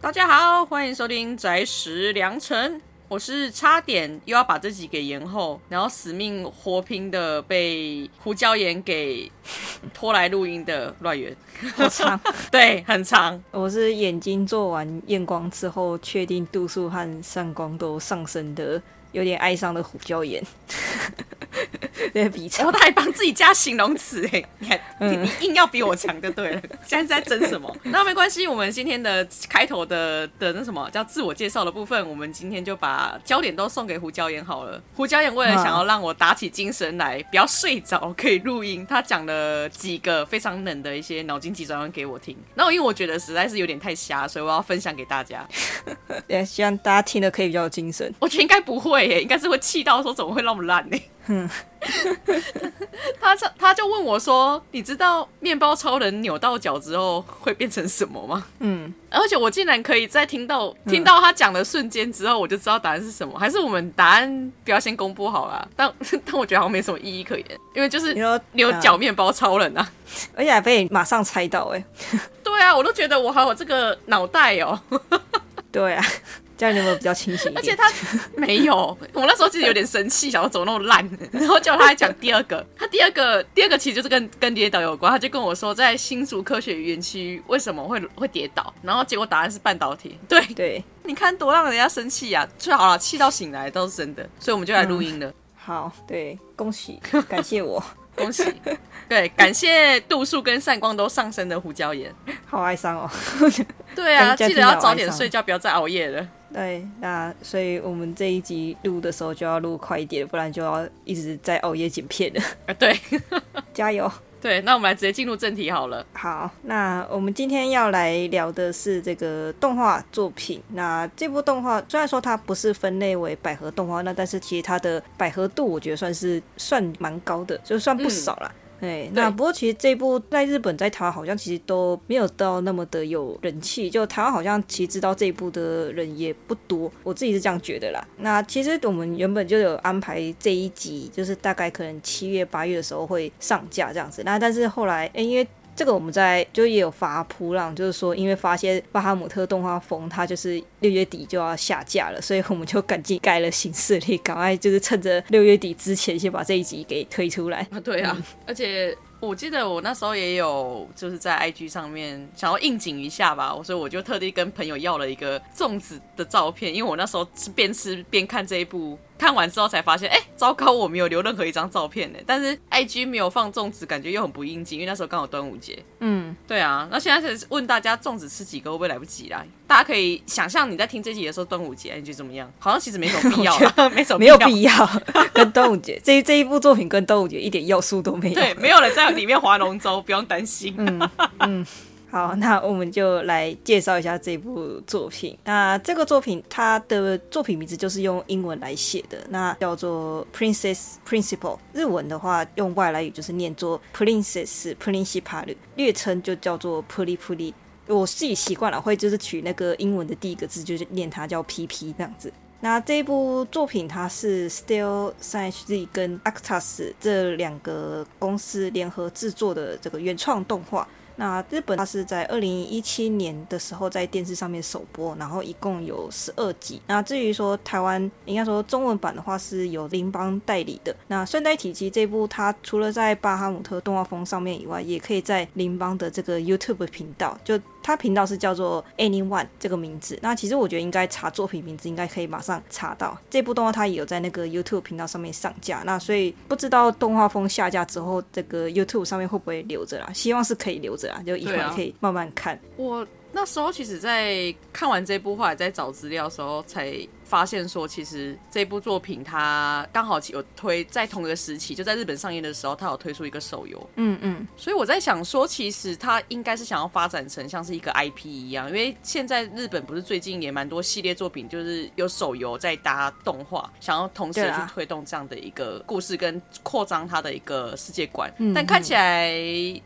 大家好，歡迎收聽《宅時良辰》，我是差點又要把自己給延後，然後死命活拼的被胡椒鹽給拖來錄音的亂源，好長 對，很長。我是眼睛做完驗光之後，確定度數和散光都上升的，有點愛上了胡椒鹽。 他還幫自己加形容詞哎， 你看，你你硬要比我強就對了，現在在爭什麼？ 那沒關係，我們今天的開頭的的那什麼叫自我介紹的部分，我們今天就把焦點都送給胡椒鹽好了。胡椒鹽為了想要讓我打起精神來，啊、不要睡着，可以錄音。他講了幾個非常冷的一些腦筋急轉彎給我聽。那因為我覺得實在是有點太瞎，所以我要分享給大家。也 希望大家聽得可以比較有精神。我覺得應該不會誒，應該是會氣到說怎麼會那麼爛呢？嗯， 他他他就問我說：“你知道麵包超人扭到腳之後會變成什麼嗎？”嗯，而且我竟然可以在聽到、嗯、聽到他講的瞬間之後，我就知道答案是什麼。還是我們答案不要先公布好了？但但我覺得好像沒什麼意義可言，因為就是牛牛角麵包超人啊，嗯、而且還被馬上猜到哎、欸。對啊，我都覺得我還有這個腦袋哦、喔。 對啊。這樣你有沒有比較清醒一點？ 而且他沒有，我那時候其實有點生氣，想說走那麼爛，然後叫他來講第二個，他第二個第二個其實就是跟跟跌倒有關，他就跟我說在新竹科學園區為什麼會會跌倒，然後結果答案是半導體。對對，你看多讓人家生氣呀、啊！最好了，氣到醒來都是真的，所以我們就來錄音了、嗯。好，對，恭喜，感謝我， 恭喜，對，感謝度數跟散光都上升的胡椒鹽，好哀傷哦。 對啊， 記得要早點睡覺，不要再熬夜了。對，那所以我們這一集錄的時候就要錄快一點，不然就要一直在熬夜剪片了。啊，對， 加油。對，那我們來直接進入正題好了。好，那我們今天要來聊的是這個動畫作品。那這部動畫雖然說它不是分類為百合動畫，那但是其實它的百合度，我覺得算是算蠻高的，就算不少啦。嗯哎，那不過其實這一部在日本、在台灣好像其實都沒有到那麼的有人氣，就台灣好像其實知道這一部的人也不多，我自己是這樣覺得啦。那其實我們原本就有安排這一集，就是大概可能七月八月的時候會上架這樣子，那但是後來，欸，因為。這個我們在就也有發噗浪，就是說因為發現《巴哈姆特》動畫風，它就是六月底就要下架了，所以我們就趕緊改了形式，去趕快就是趁着六月底之前先把這一集給推出來。對啊， 而且我記得我那時候也有就是在 IG 上面想要應景一下吧，所以我就特地跟朋友要了一個粽子的照片，因為我那時候是邊吃邊看這一部。看完之後才發現，哎、欸，糟糕，我沒有留任何一張照片呢、欸。但是 I G 沒有放粽子，感覺又很不應景，因為那時候剛好端午節。嗯，對啊。那現在是問大家，粽子吃幾個會不會來不及啦？大家可以想象你在聽這集的時候，端午節你覺得怎麼樣？好像其實沒什麼必要，沒什麼必要 沒有必要。跟端午節這一這一部作品跟端午節一點要素都沒有。對，沒有人在裡面划龍舟， 不用擔心嗯。嗯。好，那我們就來介紹一下這部作品。那這個作品，它的作品名字就是用英文來寫的，那叫做 Princess Principal。日文的話，用外來語就是念作 Princess Principal，略稱就叫做 Puri Puri。我自己習慣了，會就是取那個英文的第一個字，就是念它叫 PP 這樣子。那這一部作品，它是 Studio 3Hz 跟 Actas 這兩個公司聯合製作的這個原創動畫。那日本它是在二零一七年的時候在電視上面首播，然後一共有十二集。那至於說台灣，應該說中文版的話是由羚邦代理的。那順帶提及這部，它除了在巴哈姆特動畫瘋上面以外，也可以在羚邦的這個 YouTube 頻道就。他頻道是叫做 Anyone 這個名字，那其實我覺得應該查作品名字，應該可以馬上查到這部動畫，它也有在那個 YouTube 頻道上面上架，那所以不知道動畫風下架之後，這個 YouTube 上面會不會留着啦？希望是可以留着啦，就以後可以慢慢看，啊。我那時候其實在看完這部話，在找資料的時候才。發現說，其實這部作品它剛好有推在同一個時期，就在日本上映的時候，它有推出一個手遊，嗯。嗯嗯，所以我在想說，其實它應該是想要發展成像是一個 IP 一樣，因為現在日本不是最近也蠻多系列作品，就是有手遊在搭動畫，想要同時去推動這樣的一個故事跟擴張它的一個世界觀。嗯嗯，但看起來，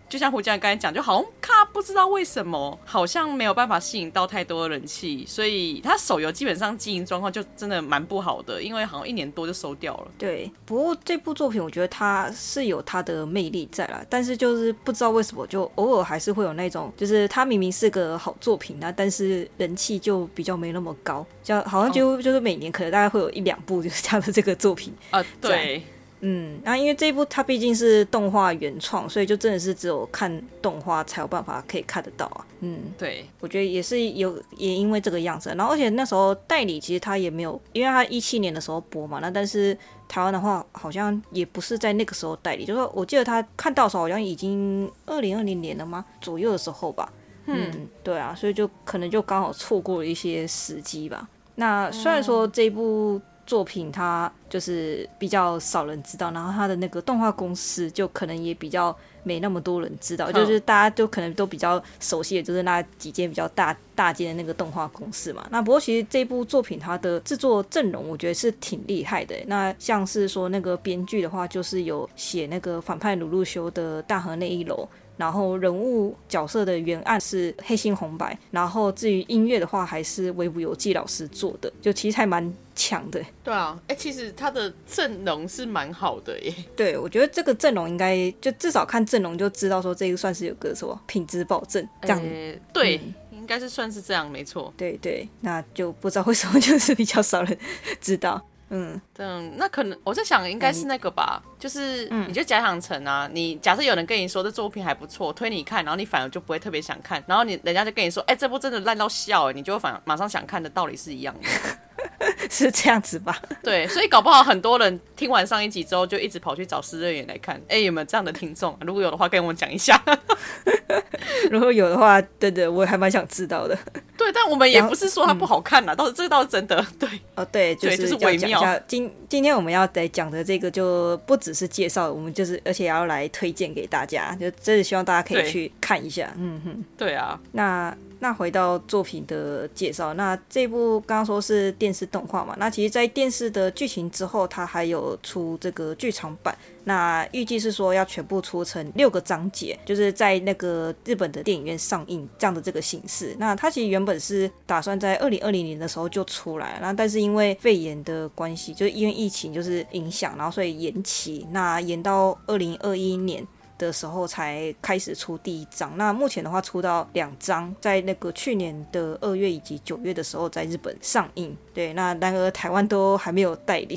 就像胡江剛才講，就好像他不知道為什麼，好像沒有辦法吸引到太多的人氣，所以它手遊基本上經營狀況。就真的蠻不好的，因為好像一年多就收掉了。對，不過這部作品我覺得它是有它的魅力在啦，但是就是不知道為什麼，就偶爾還是會有那種，就是它明明是個好作品那、啊、但是人氣就比較沒那麼高，就好像就、嗯、就是每年可能大概會有一兩部就是它的這個作品啊、呃，對。嗯，那、啊、因為這一部它畢竟是動畫原創，所以就真的是只有看動畫才有辦法可以看得到啊。嗯，對，我覺得也是有也因為這個樣子，然後而且那時候代理其實他也沒有，因為他一七年的時候播嘛，那但是台灣的話好像也不是在那個時候代理，就是我記得他看到的時候好像已經二零二零年了嗎左右的時候吧。嗯，嗯對啊，所以就可能就剛好錯過了一些時機吧。那雖然說這一部。作品它就是比較少人知道，然後它的那個動畫公司就可能也比較沒那麼多人知道，好就是大家都可能都比較熟悉，也就是那幾間比較大大間的那個動畫公司嘛。那不過其實這部作品它的制作陣容，我覺得是挺厲害的。那像是說那個編劇的話，就是有寫那個反派魯路修的大河內一樓。然後人物角色的原案是黑心紅白，然後至於音樂的話，還是梶浦由記老師做的，就其實還蠻強的。對啊，哎，其實他的陣容是蠻好的耶。對，我覺得這個陣容應該就至少看陣容就知道說這個算是有個什麼品質保證這樣。對，嗯、應該是算是這樣，沒錯。對對，那就不知道為什麼就是比較少人知道。嗯，對、嗯，那可能我在想，應該是那個吧，嗯、就是、嗯、你就假想成啊，你假設有人跟你說這作品還不錯，推你看，然後你反而就不會特別想看，然後你人家就跟你說，哎、欸，這部真的爛到笑、欸，哎，你就會反馬上想看的道理是一樣的。 是這樣子吧，對，所以搞不好很多人聽完上一集之後，就一直跑去找私樂園來看，哎、欸，有沒有這樣的聽眾？如果有的話，跟我們講一下。 如果有的話，對對，我還蠻想知道的。對，但我們也不是說它不好看啦，嗯、倒是這倒是真的。對，哦對、就是、對，就是微妙。今今天我們要來講的這個就不只是介紹，我們就是而且要來推薦給大家，就真的希望大家可以去看一下。嗯哼，對啊。那那回到作品的介紹，那這部剛剛說是電視動畫。那其實，在電視的劇情之後，它還有出這個劇場版。那預計是說要全部出成六個章節，就是在那個日本的電影院上映這樣的這個形式。那它其實原本是打算在二零二零年的時候就出來，那但是因為肺炎的關係，就是因為疫情就是影響，然後所以延期，那延到二零二一年，的時候才開始出第一章，那目前的話出到兩章，在那個去年的二月以及九月的時候在日本上映，對，那然而台灣都還沒有代理，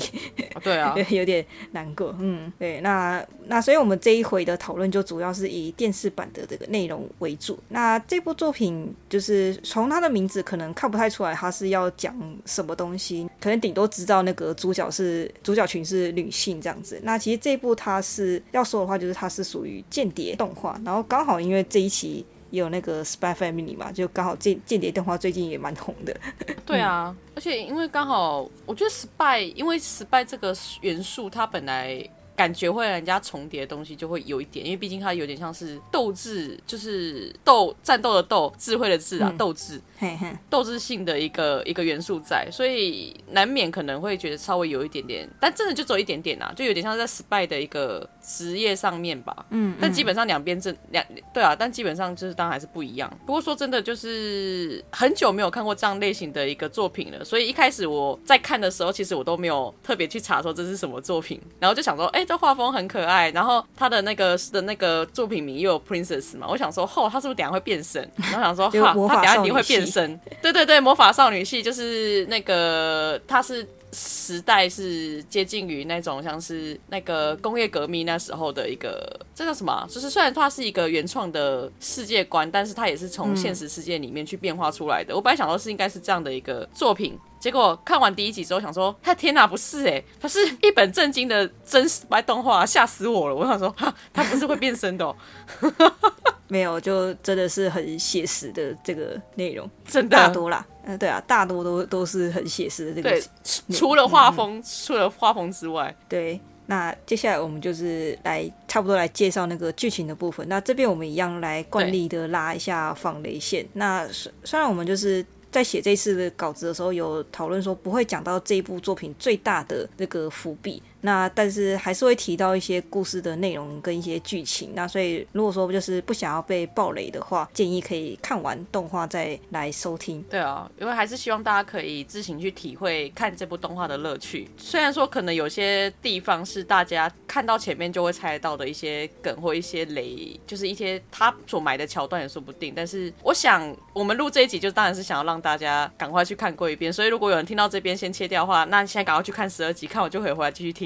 啊對啊，對， 有點難過，嗯，對，那那所以我們這一回的討論就主要是以電視版的這個內容為主。那這部作品就是從它的名字可能看不太出來它是要講什麼東西，可能頂多知道那個主角是主角群是女性這樣子。那其實這一部它是要說的話，就是它是屬於。間諜動畫，然後剛好因為這一期有那個《Spy Family》嘛，就剛好間間諜動畫最近也蠻紅的。對啊， 而且因為剛好，我覺得《Spy》，因為《Spy》這個元素，它本來。感覺會讓人家重疊的東西就會有一點，因為畢竟它有點像是鬥智，就是鬥戰鬥的鬥，智慧的智啊，鬥智，嗯、鬥智性的一個一個元素在，所以難免可能會覺得稍微有一點點，但真的就只有一點點啊，就有點像是在 spy 的一個職業上面吧。嗯，但基本上兩邊正兩對啊，但基本上就是當然還是不一樣。不過說真的，就是很久沒有看過這樣類型的一個作品了，所以一開始我在看的時候，其實我都沒有特別去查說這是什麼作品，然後就想說，哎。這畫風很可愛，然後他的那個的那個作品名又有 Princess 嘛，我想說，哦，他是不是等下會變身？ 然後想說，哈，他等一下一定會變身。對對對，魔法少女系就是那個，他是。時代是接近於那種像是那個工業革命那時候的一個，這叫什麼、啊？就是雖然它是一個原創的世界觀，但是它也是從現實世界裡面去變化出來的。嗯、我本來想說，是應該是這樣的一個作品，結果看完第一集之後，想說，他天哪，不是哎、欸，他是一本正經的真實白動畫，嚇死我了。我想說，他不是會變身的、喔， 沒有，就真的是很寫實的這個內容，真的大、啊、多了。嗯，對啊，大多都都是很寫實的這個。對，對除了畫風，嗯、除了畫風之外，對。那接下來我們就是來差不多來介紹那個劇情的部分。那這邊我們一樣來慣例的拉一下防雷線。對那雖雖然我們就是在寫這一次的稿子的時候有討論說不會講到這部作品最大的那個伏筆。那但是還是會提到一些故事的內容跟一些劇情，那所以如果說就是不想要被暴雷的話，建議可以看完動畫再來收聽。對啊，因為還是希望大家可以自行去體會看這部動畫的樂趣。雖然說可能有些地方是大家看到前面就會猜到的一些梗或一些雷，就是一些他所埋的橋段也說不定。但是我想我們錄這一集，就當然是想要讓大家趕快去看過一遍。所以如果有人聽到這邊先切掉的話，那你現在趕快去看十二集，看完就可以回來繼續聽。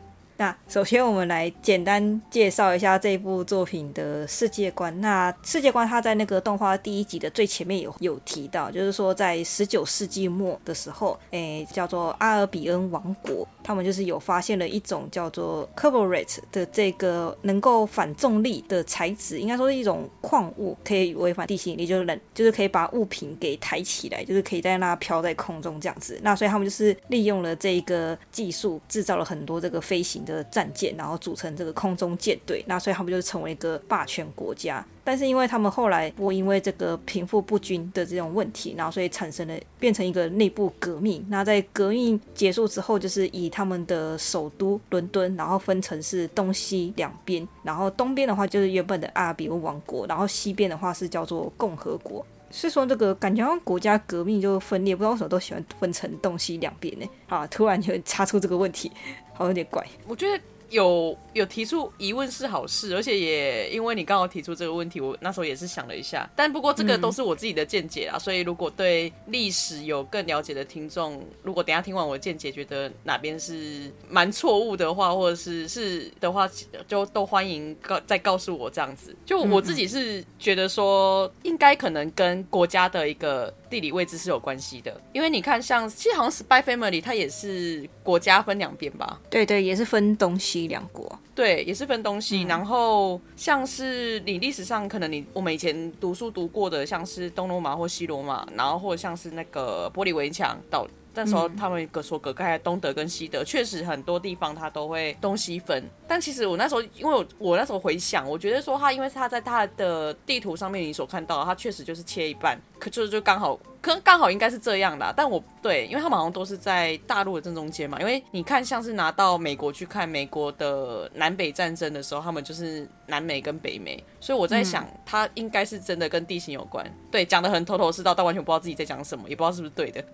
那首先，我們來簡單介紹一下這部作品的世界觀。那世界觀，它在那個動畫第一集的最前面有有提到，就是說在十九世紀末的時候，誒、欸，叫做阿爾比恩王國，他們就是有發現了一種叫做 Cavorite 的這個能夠反重力的材質，應該說是一種礦物，可以違反地心引力就，就是能就是可以把物品給抬起來，就是可以在那飄在空中這樣子。那所以他們就是利用了這個技術，製造了很多這個飛行的的戰艦，然後組成這個空中艦隊，那所以他們就成為一個霸權國家。但是因為他們後來我因為這個貧富不均的這種問題，然後所以產生了變成一個內部革命。那在革命結束之後，就是以他們的首都倫敦，然後分成是東西兩邊，然後東邊的話就是原本的阿比烏王國，然後西邊的話是叫做共和國。所以說這個感覺好像國家革命就分裂，不知道為什麼都喜歡分成東西兩邊呢？啊，突然就插出這個問題，好像有點怪。我覺得。有有提出疑問是好事，而且也因為你剛好提出這個問題，我那時候也是想了一下。但不過這個都是我自己的見解啊，嗯，所以如果對歷史有更了解的聽眾，如果等一下聽完我的見解，覺得哪邊是蠻錯誤的話，或者是是的話，就都歡迎告再告訴我這樣子。就我自己是覺得說，應該可能跟國家的一個。地理位置是有關係的，因為你看像，像其實好像 spy family，它也是國家分兩邊吧？對對，也是分東西兩國，對，也是分東西。嗯、然後像是你歷史上可能你我們以前讀書讀過的，像是東羅馬或西羅馬，然後或者像是那個柏林圍牆到。那時候他們各說各蓋，嗯、東德跟西德，確實很多地方他都會東西分。但其實我那時候，因為我，我那時候回想，我覺得說他因為他在他的地圖上面你所看到，他確實就是切一半，可就就剛好。可能剛好應該是這樣啦，但我對，因為他們好像都是在大陸的正中間嘛。因為你看，像是拿到美國去看美國的南北戰爭的時候，他們就是南美跟北美，所以我在想，他、嗯、應該是真的跟地形有關。對，講得很頭頭是道，但完全不知道自己在講什麼，也不知道是不是對的。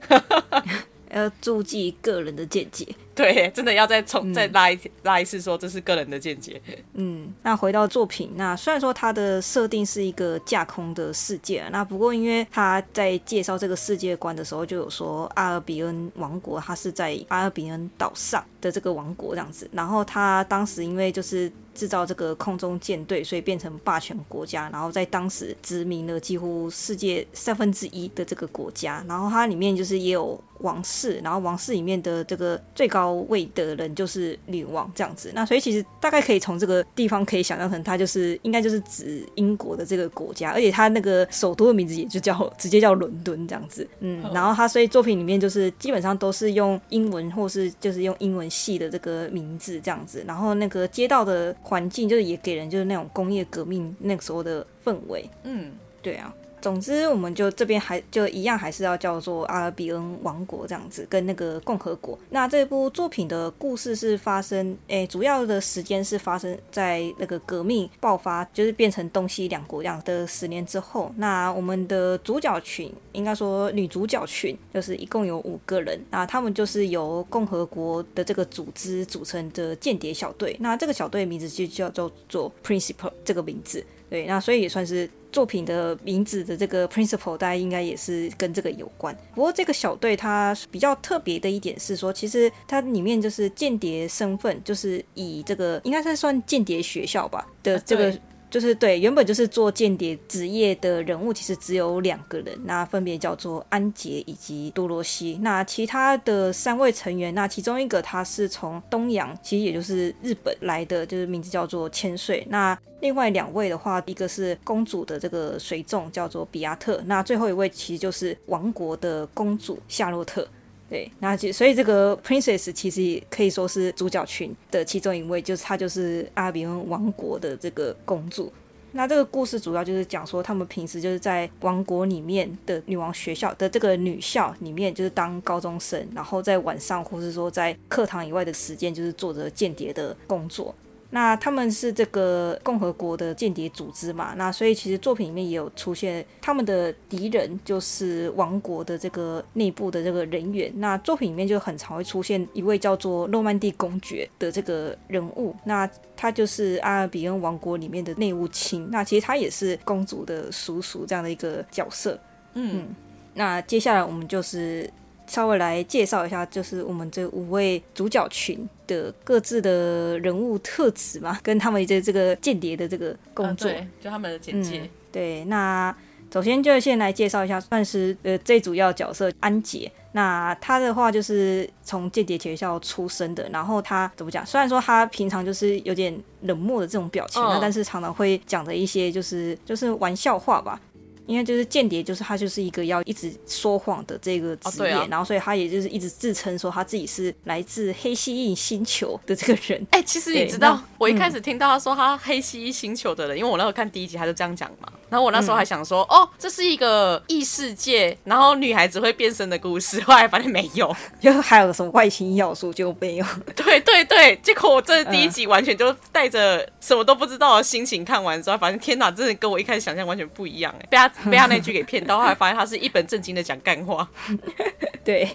要注意個人的見解。對，真的要再重再拉一拉一次說，說這是個人的見解。嗯，那回到作品，那雖然說它的設定是一個架空的世界，那不過因為他在介紹這個世界觀的時候，就有說阿爾比恩王國，它是在阿爾比恩島上的這個王國這樣子。然後他當時因為就是制造這個空中艦隊，所以變成霸權國家，然後在當時殖民了幾乎世界三分之一的這個國家。然後它裡面就是也有王室，然後王室裡面的這個最高。高位的人就是女王這樣子，那所以其實大概可以從這個地方可以想象成，他就是應該就是指英國的這個國家，而且他那個首都的名字也就叫直接叫倫敦這樣子。嗯，然後他所以作品裡面就是基本上都是用英文或是就是用英文系的這個名字這樣子，然後那個街道的環境就是也給人就是那種工業革命那個時候的氛圍。嗯，對啊。總之，我們就這邊還就一樣，還是要叫做阿爾比恩王國這樣子，跟那個共和國。那這部作品的故事是發生，誒、欸，主要的時間是發生在那個革命爆發，就是變成東西兩國這樣的十年之後。那我們的主角群，應該說女主角群，就是一共有五個人，那他們就是由共和國的這個組織組成的間諜小隊。那這個小隊名字就叫做 Principal 這個名字，對，那所以也算是。作品的名字的這個 Principal，大家應該也是跟這個有關。不過這個小隊它比較特別的一點是說，其實它裡面就是間諜身份，就是以這個應該算算間諜學校吧的這個。就是對，原本就是做間諜職業的人物，其實只有兩個人，那分別叫做安傑以及多蘿西。那其他的三位成員，那其中一個他是從東洋，其實也就是日本來的，就是名字叫做千歲。那另外兩位的話，一個是公主的這個隨從，叫做比亞特。那最後一位其實就是王國的公主夏洛特。對，那就所以這個 princess 其實也可以說是主角群的其中一位，就是她就是阿比恩王國的這個公主。那這個故事主要就是講說，他們平時就是在王國裡面的女王學校的這個女校裡面，就是當高中生，然後在晚上或是說在課堂以外的時間，就是做着間諜的工作。那他們是這個共和國的間諜組織嘛？那所以其實作品裡面也有出現他們的敵人，就是王國的這個內部的這個人員。那作品裡面就很常會出現一位叫做諾曼第公爵的這個人物，那他就是阿爾比恩王國裡面的內務卿，那其實他也是公主的叔叔這樣的一個角色。嗯，嗯，那接下來我們就是。稍微來介紹一下，就是我們這五位主角群的各自的人物特質嘛，跟他們這這個間諜的這個工作，呃，就他們的簡介。嗯、對，那首先就先來介紹一下，算是呃最主要角色安杰。那他的話就是從間諜學校出身的，然後他怎麼講，雖然說他平常就是有點冷漠的這種表情，哦、但是常常會講的一些就是就是玩笑話吧。因為就是間諜，就是他就是一個要一直說謊的這個職業，哦啊、然後所以他也就是一直自稱說他自己是來自黑蜥蜴星球的這個人。哎、欸，其實你知道，我一開始聽到他說他黑蜥蜴星球的人，嗯、因為我那時候看第一集他就這樣講嘛，然後我那時候還想說，嗯、哦，這是一個異世界，然後女孩子會變身的故事。後來反正沒有，就還有什麼外星要素就沒有。對對對，結果我這第一集完全就帶着什麼都不知道的心情看完之後，反正天吶，真的跟我一開始想象完全不一樣、欸。哎，被他。被他那句給騙到，後來發現他是一本正經的講幹話。 對，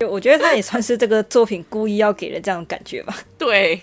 我覺得他也算是這個作品故意要給人這樣的感覺吧。對，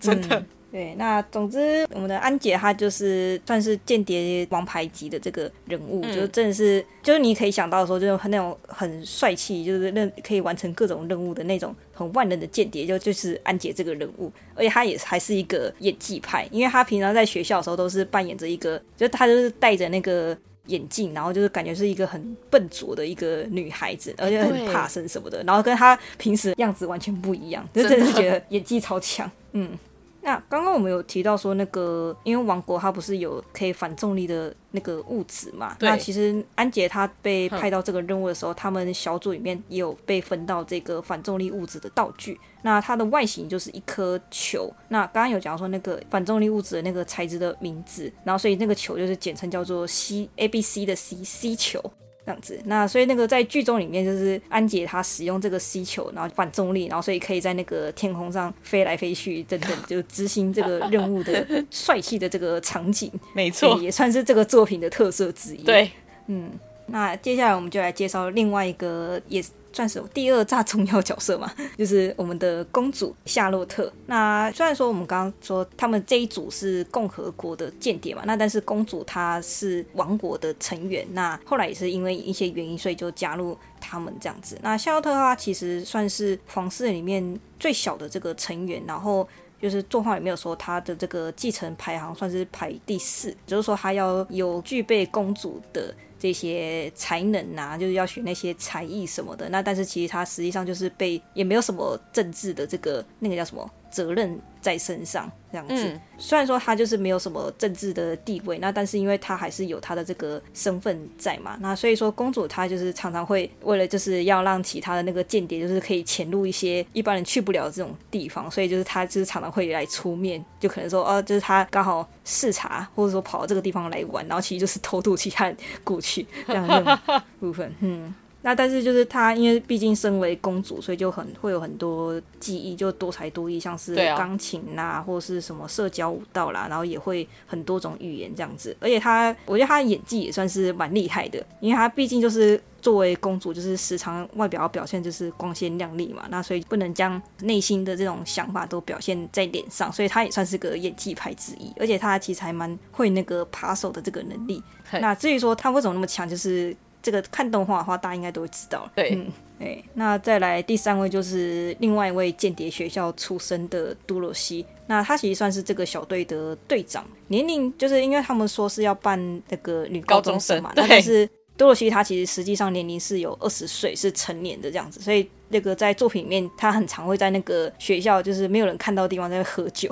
真的、嗯。對，那總之，我們的安姐她就是算是間諜王牌級的這個人物，嗯、就真的是，就是你可以想到說，就是很那種很帥氣，就是任可以完成各種任務的那種很萬能的間諜，就就是安姐這個人物。而且她也還是一個演技派，因為她平常在學校的時候都是扮演着一個，就她就是帶着那個。眼鏡，然後就是感覺是一個很笨拙的一個女孩子，而且很怕生什麼的，對然後跟她平時樣子完全不一樣，真的就真的是覺得演技超強，嗯。那剛剛我們有提到說，那個因為王國它不是有可以反重力的那個物質嘛？對那其實安杰他被派到這個任務的時候，嗯、他們小組裡面也有被分到這個反重力物質的道具。那它的外形就是一顆球。那剛剛有講說那個反重力物質的那個材質的名字，然後所以那個球就是簡稱叫做 C A B C 的 C C 球。這樣子，那所以那個在劇中裡面，就是安傑他使用這個 C 球，然後反重力，然後所以可以在那個天空上飛來飛去等等，整整就執行這個任務的帥氣的這個場景，沒錯錯、欸，也算是這個作品的特色之一。對，嗯。那接下來我們就來介紹另外一個也算是第二大重要角色嘛，就是我們的公主夏洛特。那雖然說我們剛剛說他們這一組是共和國的間諜嘛，那但是公主她是王國的成員。那後來也是因為一些原因，所以就加入他們這樣子。那夏洛特的話，其實算是皇室裡面最小的這個成員，然後就是動畫裡面有說她的這個繼承排行算是排第四，就是說她要有具備公主的。這些才能吶、啊，就是要學那些才藝什麼的。那但是其實他實際上就是被也沒有什麼政治的這個那個叫什麼責任，在身上這樣子，嗯、雖然說他就是沒有什麼政治的地位，那但是因為他還是有他的這個身份在嘛，那所以說公主她就是常常會為了就是要讓其他的那個間諜就是可以潛入一些一般人去不了這種地方，所以就是她就是常常會來出面，就可能說哦，就是她剛好視察，或者說跑到這個地方來玩，然後其實就是偷渡其他人過去這樣的這部分，嗯。那但是就是她，因為畢竟身為公主，所以就很會有很多技藝，就多才多藝，像是鋼琴啦、啊，或是什麼社交舞蹈啦，然後也會很多種語言這樣子。而且她，我覺得她的演技也算是蠻厲害的，因為她畢竟就是作為公主，就是時常外表表現就是光鮮亮麗嘛，那所以不能將內心的這種想法都表現在臉上，所以她也算是個演技派之一。而且她其實還蠻會那個扒手的這個能力。嘿那至於說她為什麼那麼強，就是。這個看動畫的話，大家應該都會知道對、嗯、對，那再來第三位就是另外一位間諜學校出身的杜羅西，那他其實算是這個小隊的隊長，年齡就是因為他們說是要扮那個女高中生嘛，但、就是。洛西他其實實際上年齡是有二十歲，是成年的這樣子，所以那個在作品裡面，他很常會在那個學校，就是沒有人看到的地方在喝酒。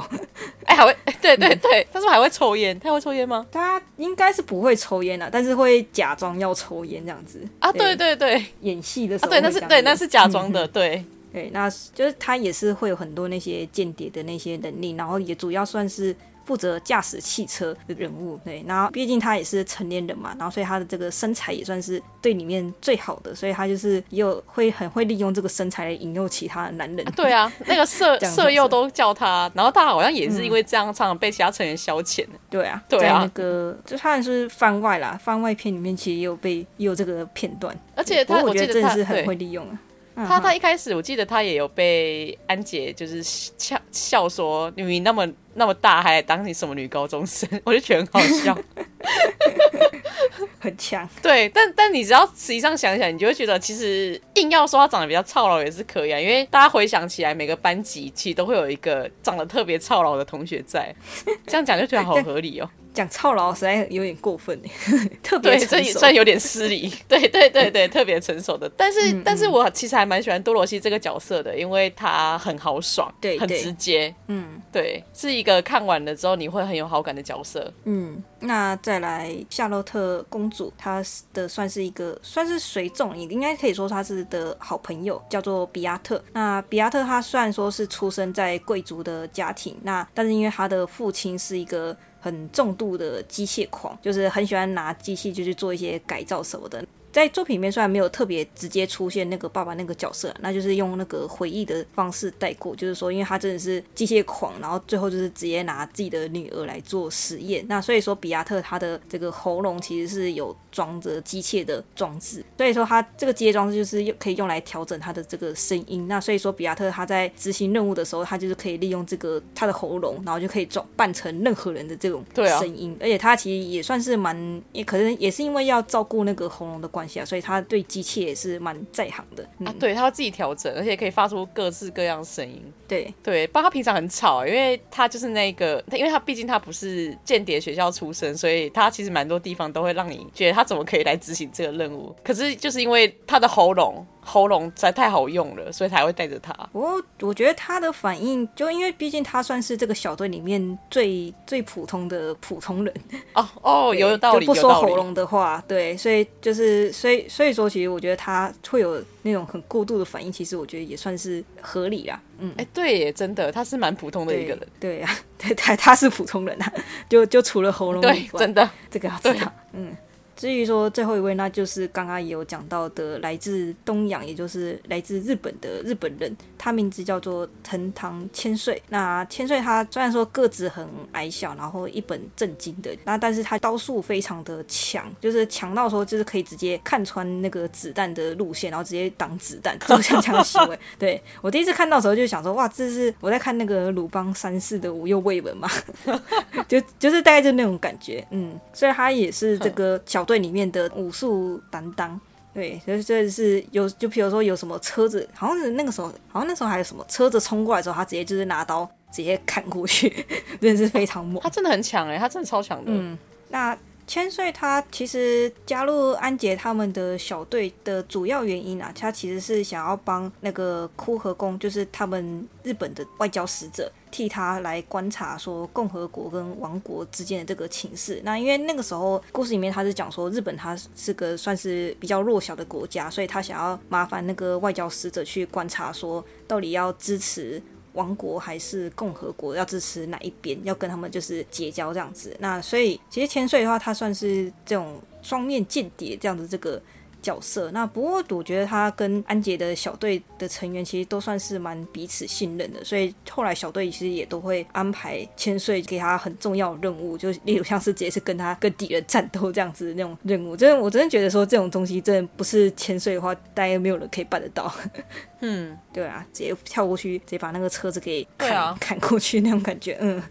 哎、欸，還會、欸、對對對，嗯、他說還會抽煙，他會抽煙嗎？他應該是不會抽煙的、啊，但是會假裝要抽煙這樣子啊！對，對對對，演戲的時候、啊，對，那是對，那是假裝的，對、嗯、哼對，那就是他也是會有很多那些間諜的那些能力，然後也主要算是，負責駕駛汽車的人物，對，然後畢竟他也是成年人嘛，然後所以他的這個身材也算是隊裡面最好的，所以他就是也有會很會利用這個身材來引誘其他男人、啊。對啊，那個色色誘都叫他，然後他好像也是因為這樣常常、嗯、被其他成員消遣。對啊，對啊，在那個就算是番外啦，番外片裡面其實也有被也有這個片段，而且他不過我覺得真的是很會利用啊。.他他一開始，我記得他也有被安姐就是笑笑說：“你那麼那麼大，還當你什麼女高中生？”我就覺得很好笑， 很強強。對，但但你只要實際上想想，你就會覺得其實硬要說他長得比較操勞也是可以啊，因為大家回想起來，每個班級其實都會有一個長得特別操勞的同學在，這樣講就覺得好合理哦、喔。講操勞實在有點過分哎，呵呵特，對，這也算有點失禮。 對對對對， 特別成熟的，但是、嗯嗯、但是我其實還蠻喜歡多蘿西這個角色的，因為她很豪爽，對，很直接，對嗯，對，是一個看完了之後你會很有好感的角色。嗯，那再來夏洛特公主，她的算是一個算是隨從，也應該可以說她是的好朋友，叫做比亞特。那比亞特她雖然說是出生在貴族的家庭，那但是因為她的父親是一個。很重度的機械狂，就是很喜歡拿機器就去做一些改造什麼的。在作品裡面雖然沒有特別直接出現那個爸爸那個角色，那就是用那個回憶的方式帶過，就是說，因為他真的是機械狂，然後最後就是直接拿自己的女兒來做實驗。那所以說，比亞特他的這個喉嚨其實是有裝着機械的裝置，所以說他這個機械裝置就是用可以用來調整他的這個聲音。那所以說，比亞特他在執行任務的時候，他就是可以利用這個他的喉嚨，然後就可以裝扮成任何人的這種聲音，啊、而且他其實也算是蠻，也可能也是因為要照顧那個喉嚨的關。關係，所以他對機器也是蠻在行的。嗯、啊，對。對他要自己調整，而且可以發出各式各樣的聲音。對對，包括他平常很吵，因為他就是那個，因為他畢竟他不是間諜學校出身，所以他其實蠻多地方都會讓你覺得他怎麼可以來執行這個任務。可是就是因為他的喉嚨。喉嚨實在太好用了，所以才會帶着他。我我覺得他的反應，就因為畢竟他算是這個小隊裡面最最普通的普通人。哦哦，哦對有道理，就不說喉嚨的話，對，所以就是所以所以說，其實我覺得他會有那種很過度的反應，其實我覺得也算是合理啊。嗯，哎、欸，對，真的，他是蠻普通的一個人。對呀，對、啊、他，他是普通人啊，就就除了喉嚨以外，真的這個要知道，對嗯。至於說最後一位，那就是剛剛也有講到的，來自東洋，也就是來自日本的日本人，他名字叫做藤堂千歲。那千歲他雖然說個子很矮小，然後一本正經的，那但是他刀術非常的強，就是強到說就是可以直接看穿那個子彈的路線，然後直接擋子彈，就像這樣的行為。 對我第一次看到的時候，就想說，哇，這是我在看那個魯邦三世的五右衛門嘛？ 就就是大概就那種感覺，嗯，所以他也是這個小。對，裡面的武術擔當，對，就是就是有，就，比如說有什麼車子，好像是那個時候，好像那時候還有什麼車子衝過來的時候，他直接就是拿刀直接砍過去，呵呵真的是非常猛。他真的很強哎、欸，他真的超強的。嗯，那。千歲他其實加入安杰他們的小隊的主要原因啊，他其實是想要幫那個哭和宮，就是他們日本的外交使者，替他來觀察說共和國跟王國之間的這個情勢。那因為那個時候故事裡面他是講說日本他是個算是比較弱小的國家，所以他想要麻煩那個外交使者去觀察說到底要支持。王國還是共和國，要支持哪一邊？要跟他們就是結交這樣子。那所以其實千歲的話，他算是這種雙面間諜這樣子這個。角色。那不過我覺得他跟安杰的小隊的成員其實都算是蠻彼此信任的，所以後來小隊其實也都會安排千歲給他很重要的任務，就例如像是直接是跟他跟敵人戰鬥這樣子的那種任務，真的我真的覺得說這種東西真的不是千歲的話，大家又沒有人可以辦得到。 嗯，對啊，直接跳過去，直接把那個車子給砍、啊、砍過去那種感覺，嗯，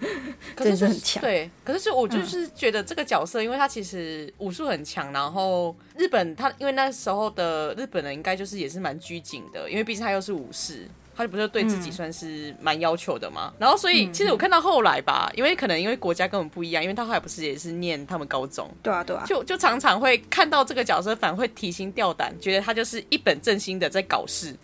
是是真的很強。對可是，就我就是覺得這個角色，因為他其實武術很強，然後日本他因為那時候的日本人應該就是也是蠻拘謹的，因為畢竟他又是武士。他不是對自己算是蠻要求的嘛，嗯、然後所以其實我看到後來吧，嗯嗯、因為可能因為國家跟我們不一樣，因為他後來不是也是念他們高中，對啊對啊，對啊就就常常會看到這個角色反而會提心吊膽，覺得他就是一本正經的在搞事，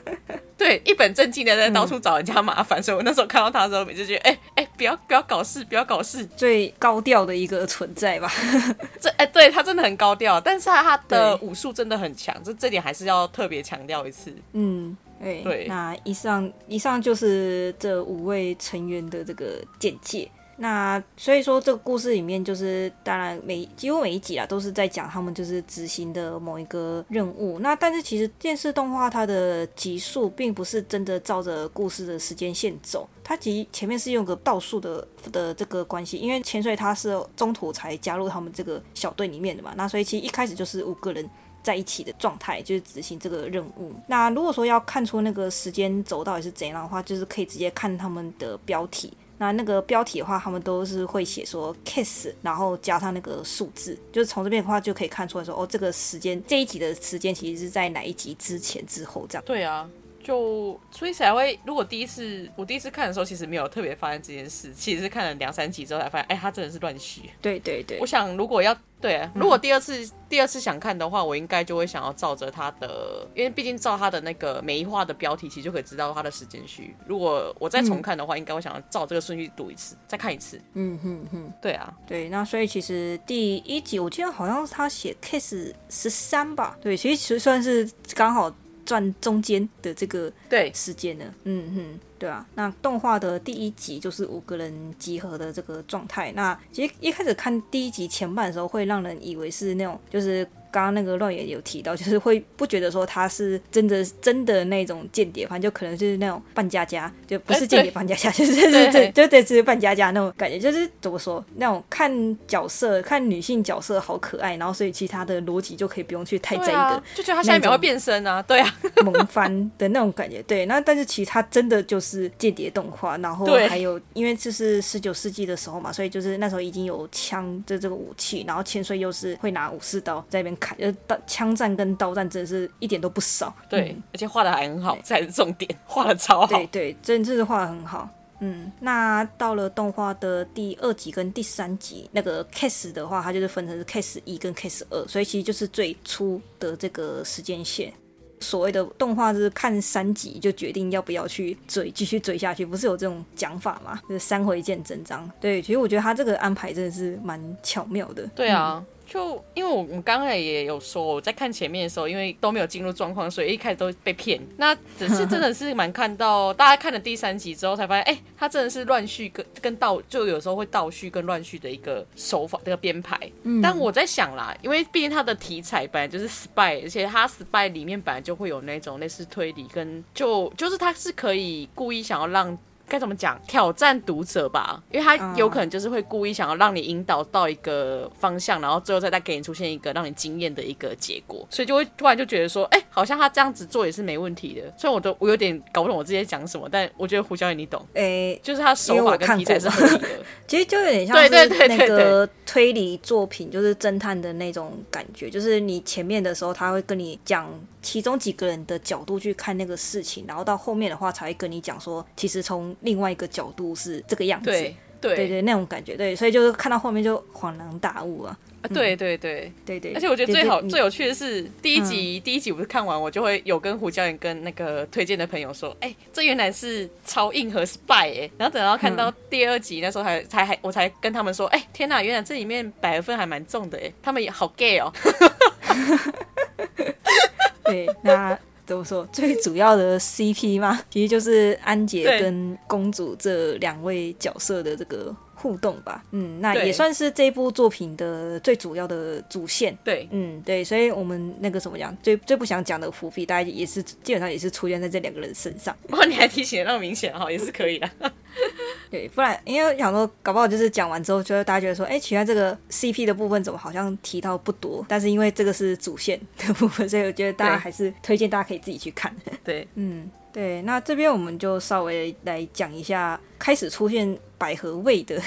對，一本正經的在到處找人家麻煩。嗯、所以，我那時候看到他的時候，每次覺得，哎、欸、哎、欸，不要不要搞事，不要搞事，最高調的一個存在吧？ 這哎、欸，對，他真的很高調，但是他的武術真的很強，對這這點還是要特別強調一次，嗯。對，那以上以上就是這五位成員的這個簡介。那所以說，這個故事裡面就是，當然每幾乎每一集啊，都是在講他們就是執行的某一個任務。那但是其實電視動畫它的集數並不是真的照着故事的時間線走，它其實前面是用個倒數的的這個關係，因為千歲他是中途才加入他們這個小隊裡面的嘛，那所以其實一開始就是五個人。在一起的狀態，就是執行這個任務。那如果說要看出那個時間軸到底是怎樣的話，就是可以直接看他們的標題。那那個標題的話，他們都是會寫說 “case”，然後加上那個數字。就是從這邊的話就可以看出來說，哦，這個時間、這一集的時間其實是在哪一集之前之後這樣。對啊。就所以才會，如果第一次我第一次看的時候，其實沒有特別發現這件事，其實是看了兩三集之後才發現，哎，他真的是亂序。對對對，我想如果要對啊，如果第二次、嗯、第二次想看的話，我應該就會想要照着他的，因為畢竟照他的那個每一話的標題，其實就可以知道他的時間序。如果我再重看的話，嗯、應該我想要照這個順序讀一次，再看一次。嗯哼哼，對啊，對，那所以其實第一集我記得好像是他寫 case 十三吧？對，其實其實算是剛好。轉中間的這個對時間呢，嗯嗯，對啊。那動畫的第一集就是五個人集合的這個狀態。那其實一開始看第一集前半的時候，會讓人以為是那種就是。剛剛那個亂也有提到，就是會不覺得說他是真的真的那種間諜，反正就可能就是那種扮家家，就不是間諜扮家家，就是對對對，就是扮家家那種感覺，就是怎麼說那種看角色，看女性角色好可愛，然後所以其他的邏輯就可以不用去太在意的，就覺得他下一秒會變身啊，對啊，萌番的那種感覺，對，啊、 對，那但是其實他真的就是間諜動畫，然後還有對因為這是十九世紀的時候嘛，所以就是那時候已經有槍，就這個武器，然後千歲又是會拿武士刀在那邊。就刀槍戰跟刀戰真的是一點都不少，對，嗯、而且畫的還很好，對這才是重點，畫的超好，對對，真的是畫的很好，嗯。那到了動畫的第二集跟第三集那個 case 的話，它就是分成是 case 一跟 case 二，所以其實就是最初的這個時間線。所謂的動畫是看三集就決定要不要去追繼續追下去，不是有這種講法嗎？就是三回見真章。對，其實我覺得他這個安排真的是蠻巧妙的，對啊。嗯就因為我我剛才也有說，我在看前面的時候，因為都沒有進入狀況，所以一開始都被騙。那只是真的是蠻看到 大家看了第三集之後，才發現，哎、欸，他真的是亂序跟跟倒，就有時候會倒序跟亂序的一個手法，那、這個編排。嗯、但我在想啦，因為畢竟他的題材本來就是 SPY，而且他 SPY 裡面本來就會有那種類似推理跟就就是他是可以故意想要讓。該怎麼講？挑戰讀者吧，因為他有可能就是會故意想要讓你引導到一個方向，然後最後再再給你出現一個讓你驚豔的一個結果，所以就會突然就覺得說，哎、欸，好像他這樣子做也是沒問題的。雖然我都我有點搞不懂我自己講什麼，但我覺得胡小野你懂，哎、欸，就是他手法跟題材什麼的， 其實就有點像是那個推理作品，就是偵探的那種感覺，就是你前面的時候他會跟你講。其中幾個人的角度去看那個事情，然後到後面的話才會跟你講說，其實從另外一個角度是這個樣子，對對對對，那種感覺對，所以就是看到後面就恍然大悟了、啊，啊對對對對對，而且我覺得最好對對最有趣的是對對第一集，嗯、第一集我看完我就會有跟胡教練跟那個推薦的朋友說，哎、欸，這原來是超硬核 SPY 哎、欸，然後等到看到第二集那時候還才還我才跟他們說，哎、欸、天吶，原來這裡面百合分還蠻重的哎、欸，他們也好 gay 哦。 對，那怎麼說？最主要的 CP 嘛？其實就是安潔跟公主這兩位角色的這個互動吧。對嗯，那也算是這部作品的最主要的主線。對，嗯，對，所以我們那個怎麼講？最最不想講的伏筆，大家也是基本上也是出現在這兩個人身上。哇，你還提醒得那麼明顯哈、哦，也是可以的。 對，不然因為我想說，搞不好就是講完之後，就大家覺得說，哎、欸，其他這個 CP 的部分怎麼好像提到不多？但是因為這個是主線的部分，所以我覺得大家還是推薦大家可以自己去看。對，嗯，對，那這邊我們就稍微來講一下開始出現百合味的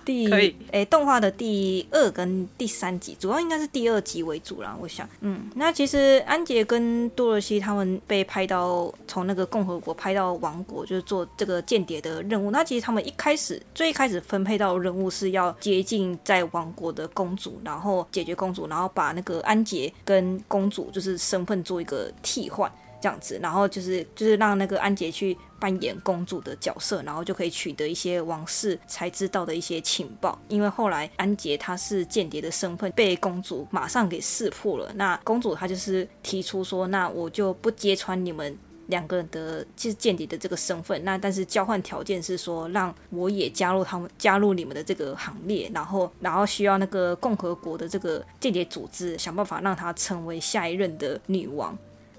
第哎 以、欸、動畫的第二跟第三集，主要應該是第二集為主啦。我想，嗯，那其實安杰跟多蘿西他們被拍到從那個共和國拍到王國，就是做這個建。間諜的任務，那其實他們一開始最一開始分配到的任務是要接近在王國的公主，然後解決公主，然後把那個安潔跟公主就是身份做一個替換，這樣子，然後就是就是讓那個安潔去扮演公主的角色，然後就可以取得一些王室才知道的一些情報。因為後來安潔他是間諜的身份被公主馬上給識破了，那公主她就是提出說，那我就不揭穿你們。兩個人的，就是間諜的這個身份，那但是交換條件是說，讓我也加入他們，加入你們的這個行列，然後，然後需要那個共和國的這個間諜組織想辦法讓他成為下一任的女王。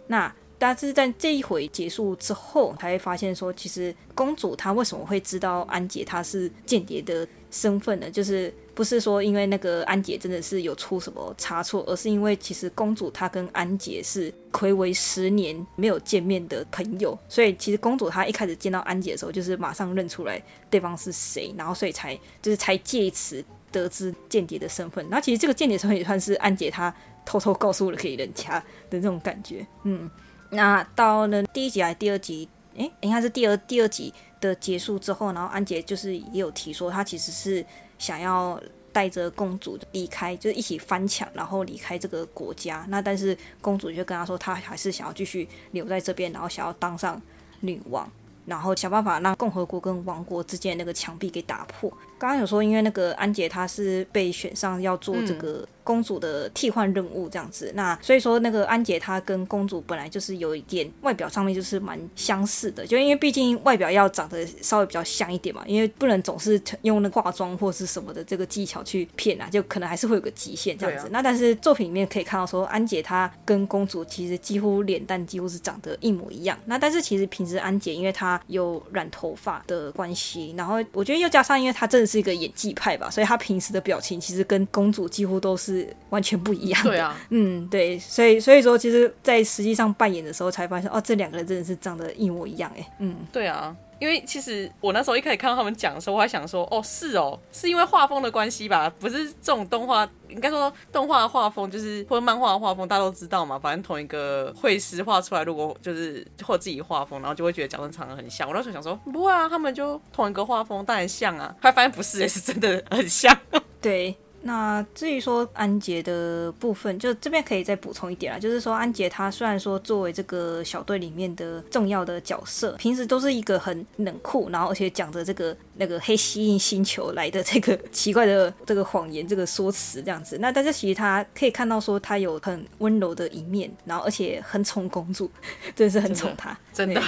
那但是在這一回結束之後，才會發現說，其實公主她為什麼會知道安杰她是間諜的？身份呢，就是不是說因為那個安姐真的是有出什麼差錯，而是因為其實公主她跟安姐是暌違十年沒有見面的朋友，所以其實公主她一開始見到安姐的時候，就是馬上認出來對方是誰，然後所以才就是才借此得知間諜的身份。然後其實這個間諜身份也算是安姐她偷偷告訴了給人家的那種感覺。嗯，那到了第一集還是第二集？哎，應該是第二第二集。的結束之後，然後安杰就是也有提說，他其實是想要帶着公主離開，就是一起翻牆，然後離開這個國家。那但是公主就跟他說，他還是想要繼續留在這邊，然後想要當上女王，然後想辦法讓共和國跟王國之間的那個牆壁給打破。剛剛有說，因為那個安杰她是被選上要做這個公主的替換任務，這樣子，嗯、那所以說那個安杰她跟公主本來就是有一點外表上面就是蠻相似的，就因為畢竟外表要長得稍微比較像一點嘛，因為不能總是用那化妝或是什麼的這個技巧去騙啊，就可能還是會有個極限這樣子。對啊、那但是作品裡面可以看到說，安杰她跟公主其實幾乎臉蛋幾乎是長得一模一樣。那但是其實平時安杰因為她有染頭髮的關係，然後我覺得又加上因為她正是一個演技派吧，所以他平時的表情其實跟公主幾乎都是完全不一樣的。對啊，嗯，對，所以所以說，其實在實際上扮演的時候才發現，哦，這兩個人真的是長得一模一樣，哎，嗯，對啊。因為其實我那時候一開始看到他們講的時候，我還想說，哦，是哦，是因為畫風的關係吧？不是這種動畫，應該說動畫畫風，就是或者漫畫的畫風，大家都知道嘛。反正同一個繪師畫出來，如果就是或者自己畫風，然後就會覺得角色長得很像。我那時候想說，不會啊，他們就同一個畫風，當然像啊。還發現不是，也是真的很像呵呵。對。那至於說安杰的部分，就這邊可以再補充一點啦。就是說安杰他雖然說作為這個小隊裡面的重要的角色，平時都是一個很冷酷，然後而且講着這個那個黑蜥蜴星球來的這個奇怪的這個謊言這個說辭這樣子，那但是其實他可以看到說他有很溫柔的一面，然後而且很寵公主，真的是很寵她，真的，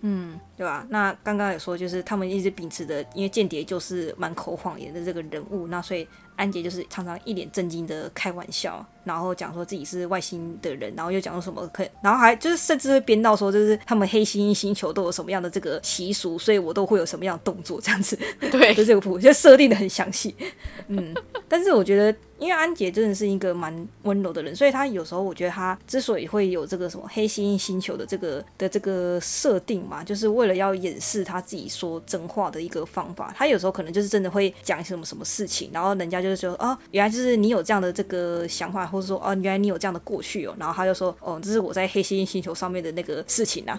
嗯。對吧？那剛剛也說，就是他們一直秉持著，因為間諜就是滿口謊言的這個人物，那所以安杰就是常常一臉震驚的開玩笑，然後講說自己是外星的人，然後又講說什麼可，然後還就是甚至會編到說，就是他們黑猩猩星球都有什麼樣的這個習俗，所以我都會有什麼樣的動作這樣子。對，就這個譜，就設定的很詳細。嗯， 但是我覺得，因為安杰真的是一個蠻溫柔的人，所以他有時候我覺得他之所以會有這個什麼黑猩猩星球的這個的這個設定嘛，就是為了。要掩飾他自己說真話的一個方法，他有時候可能就是真的會講什麼什麼事情，然後人家就是說啊、哦，原來就是你有這樣的這個想法，或者說啊、哦，原來你有這樣的過去哦，然後他就說哦，這是我在黑猩猩星球上面的那個事情啊，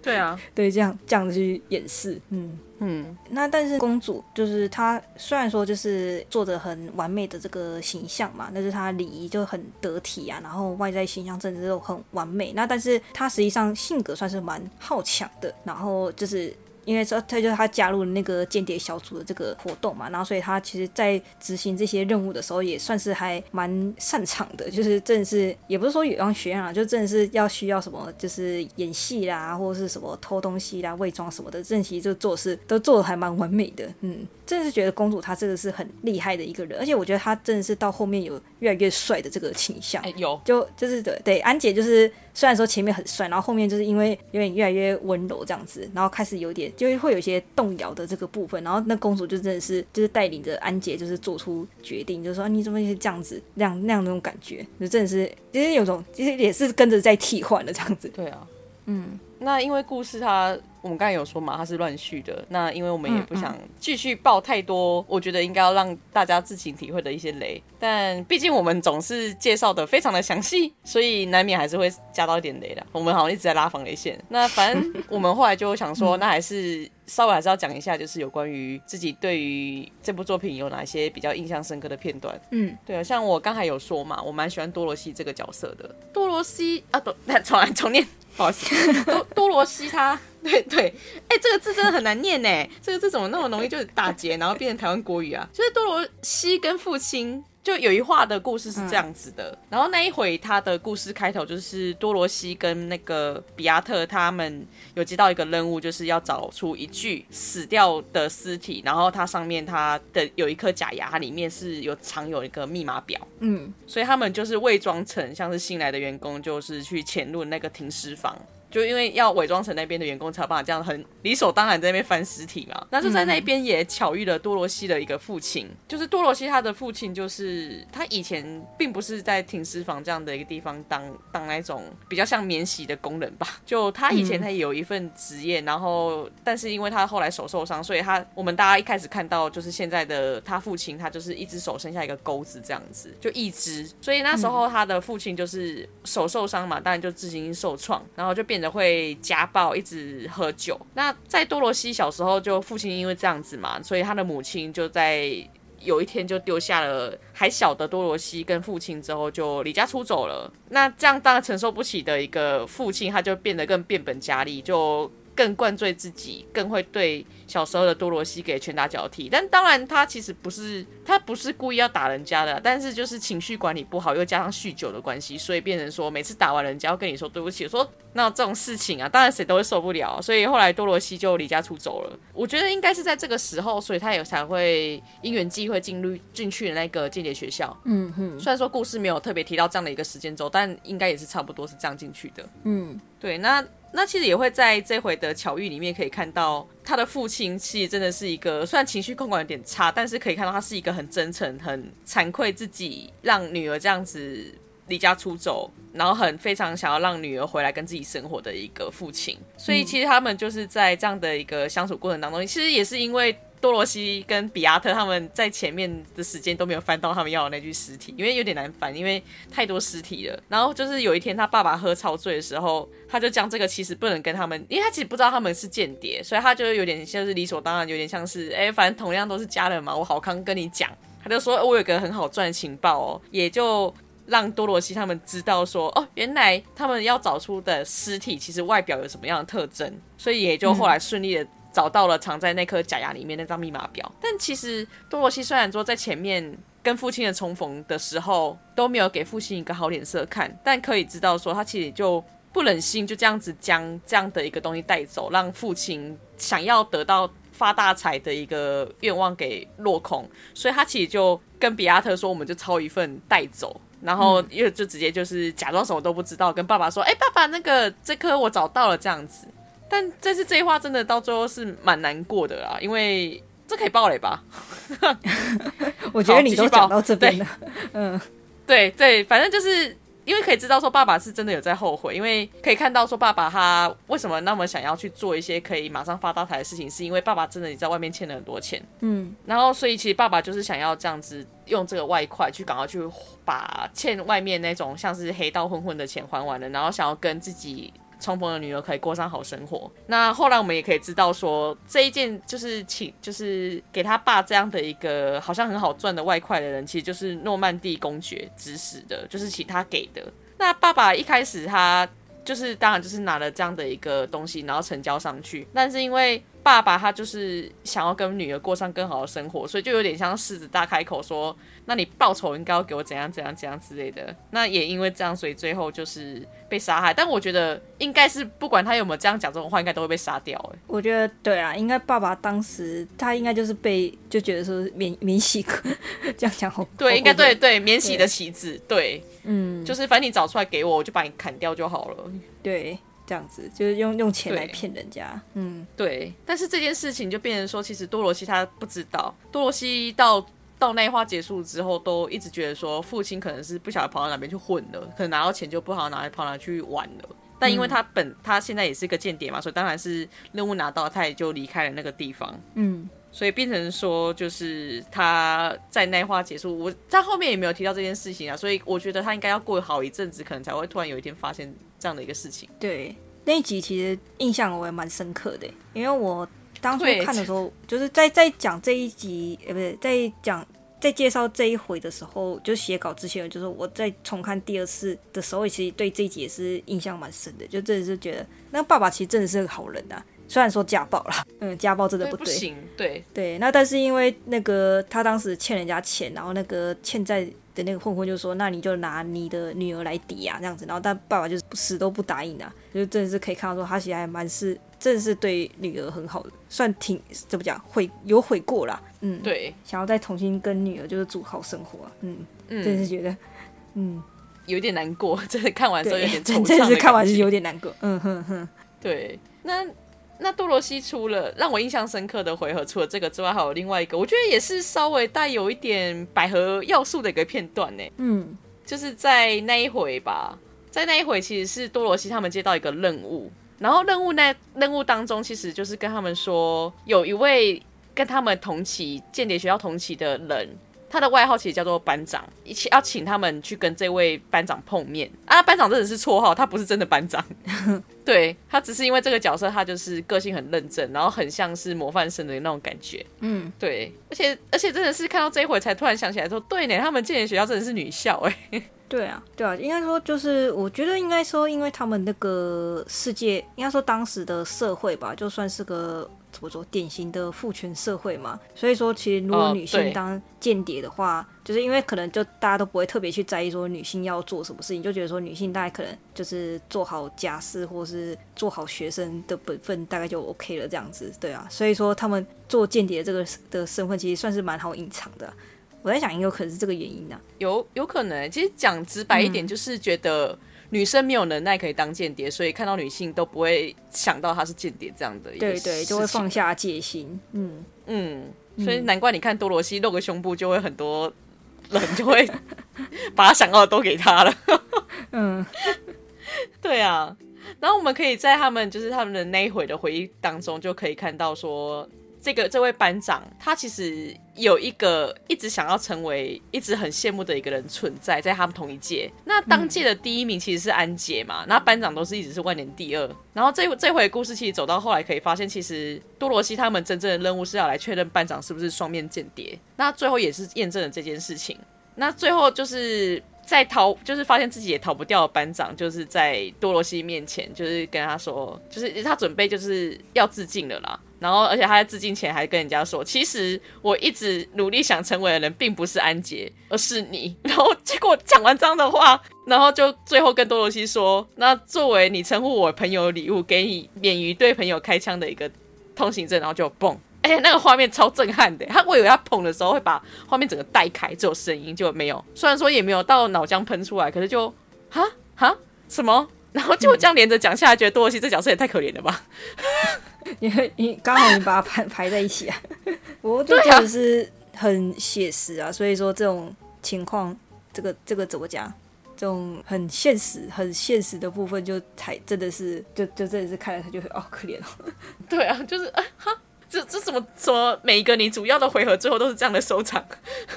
對啊， 對，這樣這樣去掩飾，嗯。嗯，那但是公主就是她，雖然說就是做的很完美的這個形象嘛，但是她禮儀就很得體啊，然後外在形象真的都很完美。那但是她實際上性格算是蠻好強的，然後就是。因為說他就是他加入了那個間諜小組的這個活動嘛，然後所以他其實，在執行這些任務的時候，也算是還蠻擅長的。就是正是，也不是說有樣學樣啊，就正是要需要什麼，就是演戲啦，或者是什麼偷東西啦、偽裝什麼的，正其實就做事都做的還蠻完美的。嗯，真的是覺得公主她真的是很厲害的一個人，而且我覺得她真的是到後面有越來越帥的這個傾向。哎、欸，有就就是對對，安潔就是雖然說前面很帥，然後後面就是因為有點越來越溫柔這樣子，然後開始有點。就會有一些動搖的這個部分，然後那公主就真的是就是帶領着安杰，就是做出決定，就是說、啊、你怎麼是這樣子，那樣那樣那種感覺，就真的是其實有種其實也是跟着在替換的這樣子。對啊，嗯，那因為故事它。我們剛才有說嘛，它是亂序的。那因為我們也不想繼續爆太多，我覺得應該要讓大家自行體會的一些雷。但畢竟我們總是介紹的非常的詳細，所以難免還是會加到一點雷的。我們好像一直在拉防雷線。那反正我們後來就想說，那還是稍微還是要講一下，就是有關於自己對於這部作品有哪些比較印象深刻的片段。嗯，對啊，像我剛才有說嘛，我蠻喜歡多羅西這個角色的。多羅西啊，多，那重來重念，不好意思。 多多羅西他。對對，哎、欸，這個字真的很難念哎， 這個字怎麼那麼容易就是打結，然後變成台灣國語啊？就是多羅西跟父親就有一話的故事是這樣子的，嗯、然後那一回他的故事開頭就是多羅西跟那個比亞特他們有接到一個任務，就是要找出一具死掉的屍體，然後它上面它的有一顆假牙，它裡面是有藏有一個密碼表，嗯，所以他們就是偽裝成像是新來的員工，就是去潛入那個停屍房。就因為要偽裝成那邊的員工，才有辦法這樣很理所當然在那邊翻屍體嘛。那就在那邊也巧遇了多蘿西的一個父親，就是多蘿西他的父親，就是他以前並不是在停屍房這樣的一個地方當當那種比較像免洗的工人吧。就他以前他也有一份職業，然後但是因為他後來手受傷，所以他我們大家一開始看到就是現在的他父親，他就是一隻手剩下一個鈎子這樣子，就一隻。所以那時候他的父親就是手受傷嘛，當然就自行受創，然後就變。會家暴，一直喝酒。那在多羅西小時候就，就父親因為這樣子嘛，所以他的母親就在有一天就丟下了還小的多羅西跟父親，之後就離家出走了。那這樣當然承受不起的一個父親，他就變得更變本加厲，就。更灌醉自己，更會對小時候的多羅西給拳打腳踢。但當然，他其實不是他不是故意要打人家的，但是就是情緒管理不好，又加上酗酒的關係，所以變成說每次打完人家要跟你說對不起。我說那這種事情啊，當然誰都會受不了。所以後來多羅西就離家出走了。我覺得應該是在這個時候，所以他也才會因緣際會進入進去的那個間諜學校。嗯哼。雖然說故事沒有特別提到這樣的一個時間軸，但應該也是差不多是這樣進去的。嗯，對，那。那其實也會在這回的巧遇裡面可以看到，他的父親其實真的是一個，雖然情緒控管有點差，但是可以看到他是一個很真誠、很慚愧自己讓女兒這樣子離家出走，然後很非常想要讓女兒回來跟自己生活的一個父親。所以其實他們就是在這樣的一個相處過程當中，其實也是因為。多羅西跟比亞特他們在前面的時間都沒有翻到他們要的那具屍體，因為有點難翻，因為太多屍體了。然後就是有一天他爸爸喝超醉的時候，他就講這個其實不能跟他們，因為他其實不知道他們是間諜，所以他就有點像是理所當然，有點像是哎、欸，反正同樣都是家人嘛，我好康跟你講。他就說，哦，我有個很好賺的情報哦，也就讓多羅西他們知道說哦，原來他們要找出的屍體其實外表有什麼樣的特徵，所以也就後來順利的。嗯。找到了藏在那顆假牙裡面那張密碼表，但其實多羅西雖然說在前面跟父親的重逢的時候都沒有給父親一個好臉色看，但可以知道說他其實就不忍心就這樣子將這樣的一個東西帶走，讓父親想要得到發大財的一個願望給落空，所以他其實就跟比亞特說，我們就抄一份帶走，然後又就直接就是假裝什麼都不知道，跟爸爸說，哎、欸，爸爸那個這顆我找到了這樣子。但但是這一話真的到最後是蠻難過的啦，因為這可以爆雷吧？我覺得你都講到這邊了，對嗯，對對，反正就是因為可以知道說爸爸是真的有在後悔，因為可以看到說爸爸他為什麼那麼想要去做一些可以馬上發大財的事情，是因為爸爸真的你在外面欠了很多錢，嗯，然後所以其實爸爸就是想要這樣子用這個外快去趕快去把欠外面那種像是黑道混混的錢還完了，然後想要跟自己。衝鋒的女兒可以過上好生活。那後來我們也可以知道說，說這一件就是請，就是給他爸這樣的一個好像很好賺的外快的人，其實就是諾曼底公爵指使的，就是請他給的。那爸爸一開始他就是當然就是拿了這樣的一個東西，然後成交上去，但是因為。爸爸他就是想要跟女兒過上更好的生活，所以就有點像獅子大開口說：“那你報酬應該要給我怎樣怎樣怎樣之類的。”那也因為這樣，所以最後就是被殺害。但我覺得應該是不管他有沒有這樣講這種話，應該都會被殺掉，欸。哎，我覺得對啊，應該爸爸當時他應該就是被就覺得說是免免洗，這樣講好，對，應該對對免洗的棋子。對，嗯，就是反正你找出來給我，我就把你砍掉就好了。對。這樣子就是用用錢來騙人家，對嗯，對。但是這件事情就變成說，其實多羅西他不知道，多羅西到到奈花結束之後，都一直覺得說父親可能是不曉得跑到哪邊去混了，可能拿到錢就不好拿，跑哪去玩了。但因為他本、嗯、他現在也是一個間諜嘛，所以當然是任務拿到，他也就離開了那個地方，嗯。所以變成說，就是他在奈花結束，我在後面也沒有提到這件事情啊，所以我覺得他應該要過一好一陣子，可能才會突然有一天發現。這樣的一個事情，對，那一集其實印象我也蠻深刻的，因為我當初看的時候，對就是在在講這一集，呃、欸，不是在講在介紹這一回的時候，就寫稿之前，就是我在重看第二次的時候，其實對這一集也是印象蠻深的，就真的是覺得那個爸爸其實真的是個好人吶、啊，雖然說家暴啦，嗯，家暴真的不對，對對，對，那但是因為那個他當時欠人家錢，然後那個欠債。那個混混就說：“那你就拿你的女兒來抵押，啊、這樣子。”然後，但爸爸就是死都不答應啊！就真的是可以看到說，他其實還蠻是，真的是對女兒很好的，算挺怎麼講，悔有悔過啦。嗯，對，想要再重新跟女兒就是過好生活，啊。嗯嗯，真是覺得，嗯，有點難過。真的看完之後有點惆悵。真的是看完是有點難過。嗯哼哼，對，那。那多蘿西除了讓我印象深刻的回合，除了這個之外，還有另外一個，我覺得也是稍微帶有一點百合要素的一個片段呢。嗯，就是在那一回吧，在那一回其實是多蘿西他們接到一個任務，然後任務，那任務當中，其實就是跟他們說有一位跟他們同期間諜學校同期的人。他的外號其實叫做班長，一起要請他們去跟這位班長碰面啊！班長真的是綽號，他不是真的班長， 對他只是因為這個角色，他就是個性很認真，然後很像是模範生的那種感覺。嗯，對，而且而且真的是看到這一回才突然想起來說，說對呢，他們建的學校真的是女校哎。 對啊，對啊，應該說就是，我覺得應該說，因為他們那個世界，應該說當時的社會吧，就算是個。我說典型的父權社會嘛，所以說其實如果女性當間諜的話，哦、就是因為可能就大家都不會特別去在意說女性要做什麼事情，就覺得說女性大概可能就是做好家事或是做好學生的本分，大概就 OK 了這樣子，對啊，所以說他們做間諜這個的身份其實算是蠻好隱藏的、啊。我在想，有可能是這個原因呢、啊？有有可能，其實講直白一點，就是覺得。女生沒有能耐可以當間諜，所以看到女性都不會想到她是間諜這樣的一。對，對對，就會放下戒心。嗯嗯，嗯，所以難怪你看多羅西露個胸部，就會很多人就會把他想要的都給他了。 嗯， 對啊。然後我們可以在他們就是他們的那一回的回憶當中，就可以看到說。這個這位班長，他其實有一個一直想要成為、一直很羨慕的一個人存在，在他們同一屆。那當屆的第一名其實是安杰嘛，那班長都是一直是萬年第二。然後這這回的故事其實走到後來，可以發現其實多羅西他們真正的任務是要來確認班長是不是雙面間諜。那最後也是驗證了這件事情。那最後就是在逃，就是發現自己也逃不掉的班長，就是在多羅西面前，就是跟他說，就是他準備就是要自盡了啦。然後，而且他在致敬前還跟人家說：“其實我一直努力想成為的人，並不是安潔，而是你。”然後結果講完這樣的話，然後就最後跟多羅西說：“那作為你稱呼我朋友的禮物，給你免於對朋友開槍的一個通行證。”然後就蹦。哎，那個畫面超震撼的。他我以為他蹦的時候會把畫面整個帶開，只有聲音，就沒有。雖然說也沒有到腦漿噴出來，可是就啊啊什麼？然後就這樣連着講下來，嗯、覺得多羅西這角色也太可憐了吧。 因為你剛好你把它排 排在一起啊，不過就真的是很寫實啊，啊所以說這種情況，這個這個怎麼講？這種很現實、很現實的部分，就才真的是就就這一次看了，他就會哦，可憐哦。對啊，就是啊，哈，這這什麼說？麼每一個你主要的回合最後都是這樣的收場。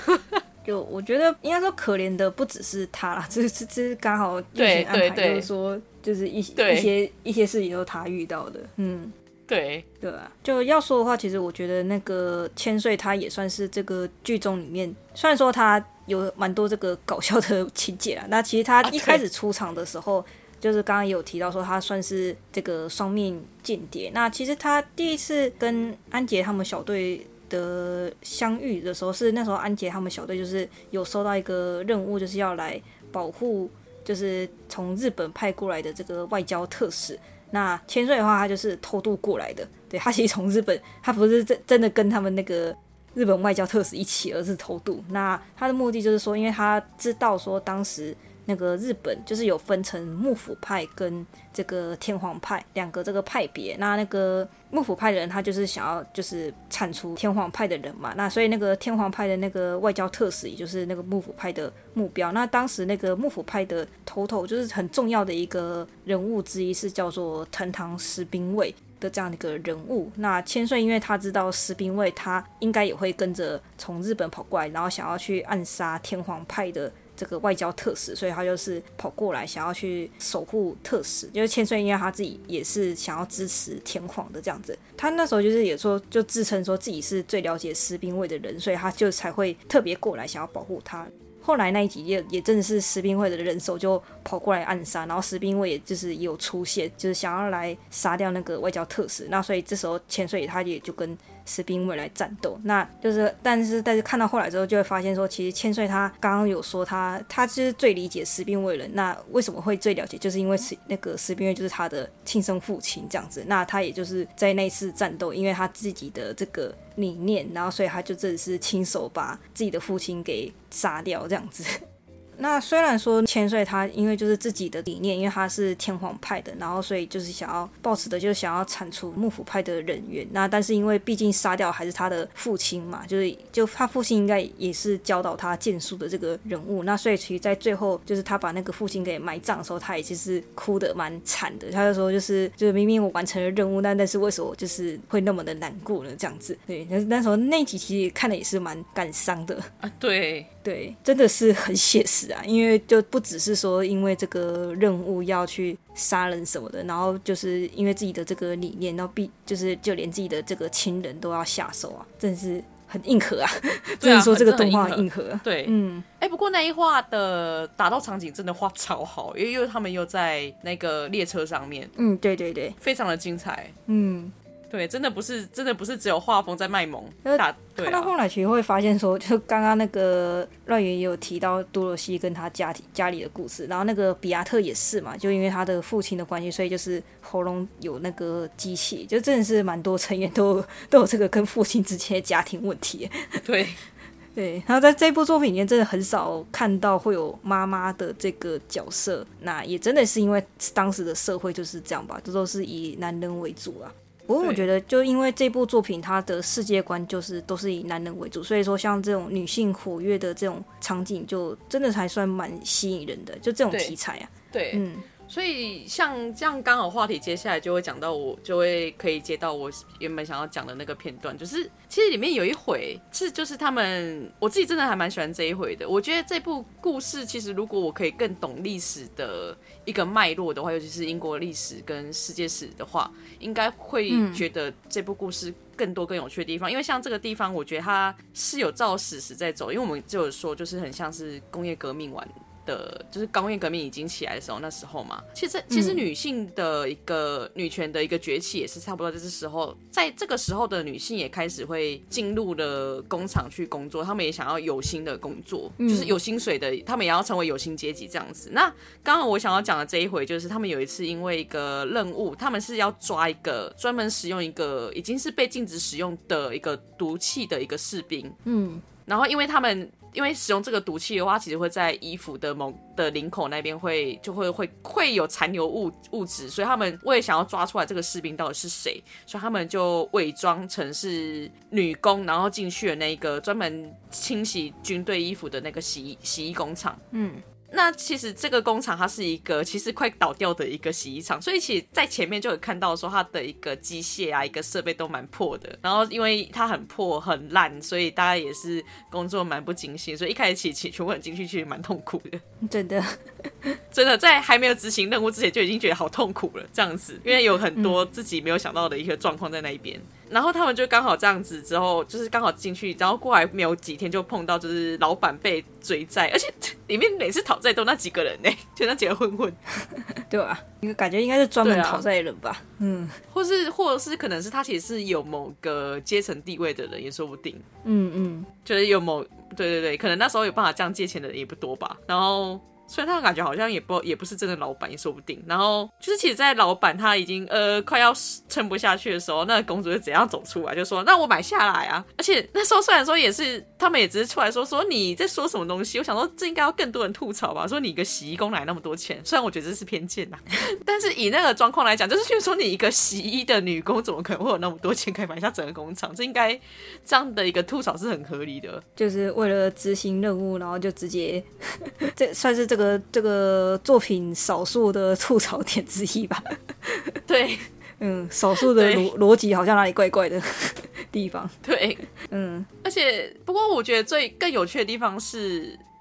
就我覺得應該說可憐的不只是他啦，這這這剛好劇情安排就是說，就是一對一些一些事情都是他遇到的，嗯。對，對啊。就要說的話，其實我覺得那個千歲他也算是這個劇中裡面，雖然說他有蠻多這個搞笑的情節啊。那其實他一開始出場的時候，啊、對就是剛剛有提到說他算是這個雙面間諜。那其實他第一次跟安杰他們小隊的相遇的時候，是那時候安杰他們小隊就是有收到一個任務，就是要來保護，就是從日本派過來的這個外交特使。那千歲的話，他就是偷渡過來的，對，他其實從日本，他不是真真的跟他們那個日本外交特使一起，而是偷渡。那他的目的就是說，因為他知道說當時。那個日本就是有分成幕府派跟這個天皇派兩個這個派別，那那個幕府派的人他就是想要就是剷除天皇派的人嘛，那所以那個天皇派的那個外交特使也就是那個幕府派的目標，那當時那個幕府派的頭頭就是很重要的一個人物之一，是叫做藤堂十兵衛的這樣一個人物，那千歲因為他知道十兵衛他應該也會跟着從日本跑過來，然後想要去暗殺天皇派的這個外交特使，所以他就是跑過來想要去守護特使，就是千歲因為他自己也是想要支持天皇的這樣子，他那時候就是也說就自稱說自己是最了解士兵衛的人，所以他就才會特別過來想要保護他。後來那一集也也正是士兵衛的人手就跑過來暗殺，然後士兵衛也就是也有出現，就是想要來殺掉那個外交特使。那所以這時候千歲他也就跟。士兵衛來戰鬥，那就是，但是，但是看到後來之後，就會發現說，其實千歲他剛剛有說他，他其實最理解士兵衛人。那為什麼會最了解？就是因為是那個士兵衛就是他的親生父親這樣子，那他也就是在那次戰鬥，因為他自己的這個理念，然後所以他就真的是親手把自己的父親給殺掉這樣子。那雖然說千歲他因為就是自己的理念，因為他是天皇派的，然後所以就是想要抱持的，就是想要鏟除幕府派的人員。那但是因為畢竟殺掉還是他的父親嘛，就是就他父親應該也是教導他劍術的這個人物。那所以其實，在最後就是他把那個父親給埋葬的時候，他也其實哭的蠻慘的。他就說就是就是明明我完成了任務，但但是為什麼就是會那麼的難過呢？這樣子。對，那那時候那集其實看的也是蠻感傷的啊。對。對，真的是很寫實啊，因為就不只是說因為這個任務要去殺人什麼的，然後就是因為自己的這個理念，然後必就是就連自己的這個親人都要下手啊，真的是很硬核啊！所以、啊、 說這個動畫硬，硬核。對，嗯，哎、欸，不過那一話的打鬥場景真的畫超好，因為因為他們又在那個列車上面，嗯，對對對，非常的精彩，嗯。對，真的不是，真的不是只有畫風在賣萌。就是看到後來，其實會發現說，就剛剛那個亂云也有提到多蘿西跟他家庭家裡的故事，然後那個比亞特也是嘛，就因為他的父親的關係，所以就是喉嚨有那個機器，就真的是蠻多成員都都有這個跟父親之間的家庭問題。對 對，然後在這部作品裡面，真的很少看到會有媽媽的這個角色，那也真的是因為當時的社會就是這樣吧，這都是以男人為主啊。不過我覺得，就因為這部作品，它的世界觀就是都是以男人為主，所以說像這種女性活躍的這種場景，就真的還算蠻吸引人的，就這種題材啊。對，對嗯。所以像這樣剛好話題，接下來就會講到，我就會可以接到我原本想要講的那個片段，就是其實裡面有一回是就是他們，我自己真的還蠻喜歡這一回的。我覺得這部故事其實如果我可以更懂歷史的一個脈絡的話，尤其是英國歷史跟世界史的話，應該會覺得這部故事更多更有趣的地方。因為像這個地方，我覺得它是有照史實在走，因為我們就有說就是很像是工業革命完。的就是工業革命已經起來的時候，那時候嘛，其實其實女性的一個、嗯、女權的一個崛起也是差不多就是時候，在這個時候的女性也開始會進入了工廠去工作，她們也想要有薪的工作，嗯、就是有薪水的，她們也要成為有薪階級這樣子。那剛剛我想要講的這一回，就是他們有一次因為一個任務，他們是要抓一個專門使用一個已經是被禁止使用的、一個毒氣的一個士兵，嗯，然後因為他們。因為使用這個毒氣的話，其實會在衣服的某的領口那邊會就會會會有殘留物物質，所以他們為了想要抓出來這個士兵到底是誰，所以他們就偽裝成是女工，然後進去了那個專門清洗軍隊衣服的那個洗衣洗衣工廠。嗯。那其實這個工廠它是一個其實快倒掉的一個洗衣廠，所以其實在前面就有看到說它的一個機械啊、一個設備都蠻破的。然後因為它很破很爛，所以大家也是工作蠻不精心。所以一開始起去去進去，其實蠻痛苦的。真的，真的在還沒有執行任務之前就已經覺得好痛苦了。這樣子，因為有很多自己沒有想到的一個狀況在那一邊。然後他們就剛好這樣子，之後就是剛好進去，然後過來沒有幾天就碰到，就是老闆被追債，而且裡面每次討債都那幾個人呢，就那幾個混混， 對吧，啊？感覺應該是專門討債人吧，啊、嗯，或是或者是可能是他其實是有某個階層地位的人也說不定，嗯嗯，嗯就是有某對對對，可能那時候有辦法這樣借錢的人也不多吧，然後。所以他們感覺好像也不也不是真的老闆也說不定。然後就是其實，在老闆他已經呃快要撐不下去的時候，那個公主是怎樣走出來，就說那我買下來啊。而且那時候雖然說也是他們也只是出來說說你在說什麼東西。我想說這應該要更多人吐槽吧，說你一個洗衣工來那麼多錢。雖然我覺得這是偏見吶，但是以那個狀況來講，就是說你一個洗衣的女工，怎麼可能會有那麼多錢可以買下整個工廠？這應該這樣的一個吐槽是很合理的。就是為了執行任務，然後就直接呵呵這算是的。這個這個作品少數的吐槽點之一吧， 對，嗯，少數的邏輯好像哪裡怪怪的地方，對，對嗯，而且不過我覺得最更有趣的地方是。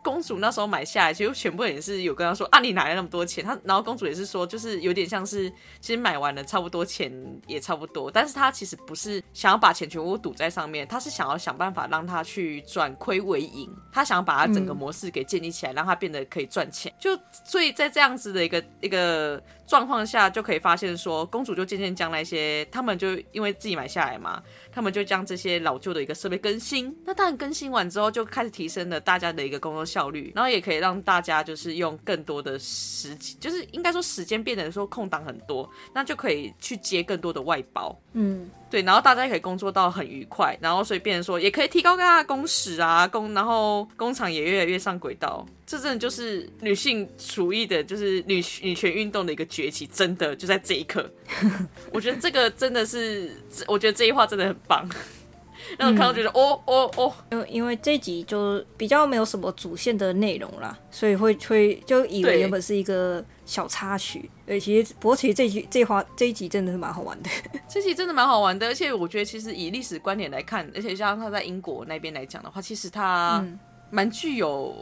公主那時候買下來，其實全部也是有跟她說啊，你哪來那麼多錢？她然後公主也是說，就是有點像是，其實買完了差不多錢也差不多，但是他其實不是想要把錢全部都賭在上面，他是想要想辦法讓他去轉虧為盈，他想要把他整個模式給建立起來，讓他變得可以賺錢。就所以在這樣子的一個一個。狀況下就可以發現，說公主就漸漸將那些他們就，因為自己買下來嘛，他們就將這些老舊的一個設備更新。那當然更新完之後，就開始提升了大家的一個工作效率，然後也可以讓大家就是用更多的時，就是應該說時間變得說空檔很多，那就可以去接更多的外包。嗯。對，然後大家也可以工作到很愉快，然後所以變成說也可以提高大家的工時啊，工然後工廠也越來越上軌道，這真的就是女性主義的，就是女女權運動的一個崛起，真的就在這一刻。 我覺得這個真的是，我覺得這一話真的很棒。讓我看到就覺得哦哦、嗯、哦，因、哦、為、哦、因為這一集就比較沒有什麼主線的內容啦，所以會會就以為原本是一個小插曲。而對其實不過其實這一集這一話這一集真的是蠻好玩的，這集真的蠻好玩的。而且我覺得其實以歷史觀點來看，而且像他在英國那邊來講的話，其實他蠻具有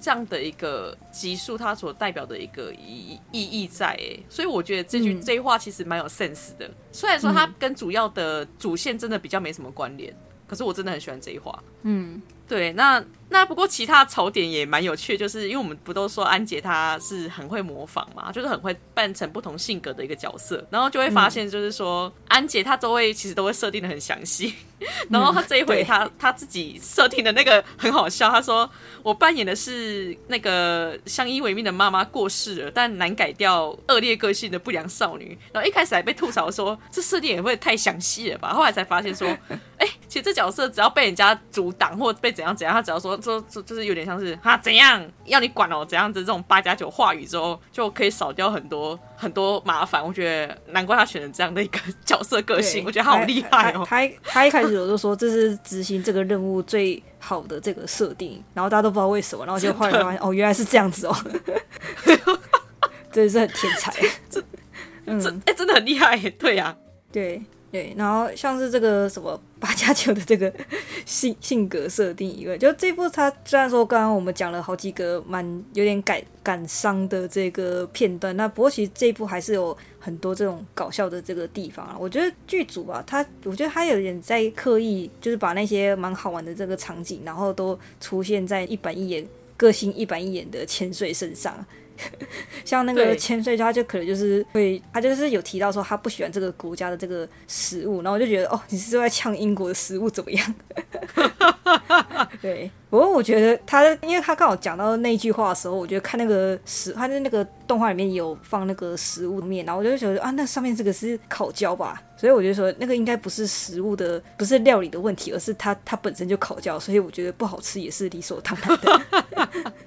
這樣的一個集數，它所代表的一個意意義在哎、欸。所以我覺得這句這一話其實蠻有 sense 的。嗯、雖然說它跟主要的主線真的比較沒什麼關聯。可是我真的很喜歡這一話。嗯，對，那。那不過，其他槽點也蠻有趣，就是因為我們不都說安杰她是很會模仿嘛，就是很會扮成不同性格的一個角色，然後就會發現，就是說安杰她都會其實都會設定的很詳細，然後他這一回他他自己設定的那個很好笑，他說，我扮演的是那個相依為命的媽媽過世了，但難改掉惡劣個性的不良少女，然後一開始還被吐槽說這設定也會太詳細了吧，後來才發現說，哎，其實這角色只要被人家阻擋或被怎樣怎樣，他只要說。說就，就，就是有點像是哈、啊、怎樣要你管哦，怎樣子這種八加九話語之後就可以少掉很多很多麻煩。我覺得難怪他選了這樣的一個角色個性，對我覺得他好厲害哦。他他一開始我就說這是執行這個任務最好的這個設定， 然後大家都不知道為什麼，然後就後來就發現的哦原來是這樣子哦， 真的是很天才，真哎、嗯欸、真的很厲害，對呀，啊，對。對，然後像是這個什麼八加九的這個性性格設定，以外，就這部它，它雖然說剛剛我們講了好幾個蠻有點感感傷的這個片段，那不過其實這部還是有很多這種搞笑的這個地方啊。我覺得劇組吧、啊，它我覺得他有點在刻意，就是把那些蠻好玩的這個場景，然後都出現在一板一眼、個性一板一眼的千歲身上。 像那個千歲家就可能就是會，對他就是有提到說他不喜歡這個國家的這個食物，然後我就覺得哦，你是在嗆英國的食物怎麼樣？ 對，不過我覺得他，因為他剛好講到那句話的時候，我覺得看那個食，他在那個動畫裡面有放那個食物的面，然後我就覺得啊，那上面這個是烤焦吧，所以我就說那個應該不是食物的，不是料理的問題，而是它它本身就烤焦，所以我覺得不好吃也是理所當然的。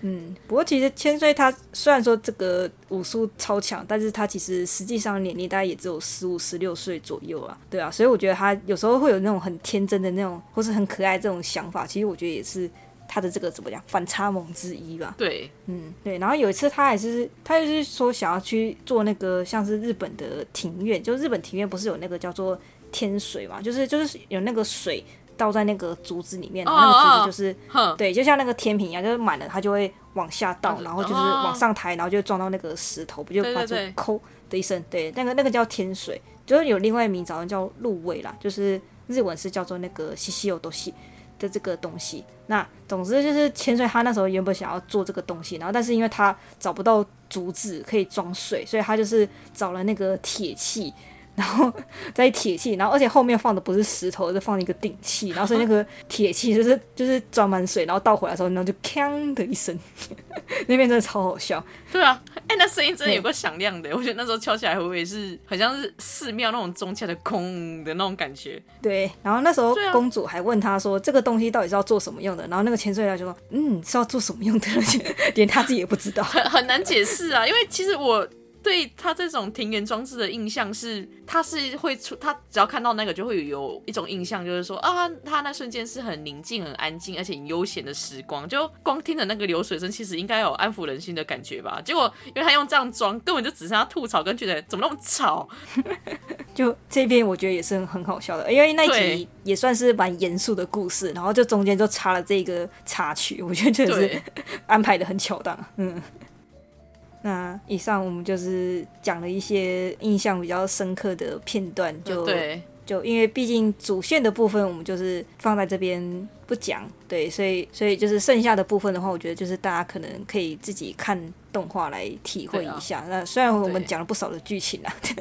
嗯，不過其實千歲他雖然說這個武術超強，但是他其實實際上年齡大概也只有十五、十六歲左右啊，對啊，所以我覺得他有時候會有那種很天真的那種，或是很可愛的這種想法，其實我覺得也是他的這個怎麼講，反差萌之一吧。對，嗯，對。然後有一次他也是，他就是說想要去做那個像是日本的庭院，就日本庭院不是有那個叫做天水嘛，就是就是有那個水。倒在那個竹子裡面，然後那個竹子就是，oh, oh, oh. 對，就像那個天平一樣，就是滿了它就會往下倒，oh, oh. 然後就是往上抬，然後就撞到那個石頭，不就把出“摳”的一聲？對，對，對，對，那個那個叫天水，就是有另外一名，早上叫入尾啦，就是日文是叫做那個西西有多西的這個東西。那總之就是千歲他那時候原本想要做這個東西，然後但是因為他找不到竹子可以裝水，所以他就是找了那個鐵器。然後在鐵器，然後而且後面放的不是石頭，是放一個頂器，然後所以那個鐵器就是就是裝滿水，然後倒回來的時候，然後就鏘的一聲呵呵，那邊真的超好笑。對啊，哎，那聲音真的有夠響亮的，對我覺得那時候敲起來，會不會是，好像是寺廟那種中下的空的那種感覺。對，然後那時候公主還問他說，啊、這個東西到底是要做什麼用的？然後那個千歲他就說，嗯，是要做什麼用的？ 而且連他自己也不知道，很很難解釋啊， 因為其實我。所以他這種庭園裝置的印象是，他是會出他只要看到那個就會有一種印象，就是說啊，他那瞬間是很寧靜、很安靜，而且悠閒的時光。就光聽着那個流水聲，其實應該有安撫人心的感覺吧。結果因為他用這樣裝，根本就只剩下吐槽，跟覺得怎麼那麼吵。 就這邊我覺得也是很好笑的，因為那一集也算是蠻嚴肅的故事，對然後就中間就插了這個插曲，我覺得就是安排得很巧當，嗯。那以上我們就是講了一些印象比較深刻的片段，就對就因為畢竟主線的部分我們就是放在這邊不講，對，所以所以就是剩下的部分的話，我覺得就是大家可能可以自己看動畫來體會一下。啊、那雖然我們講了不少的劇情啊，對，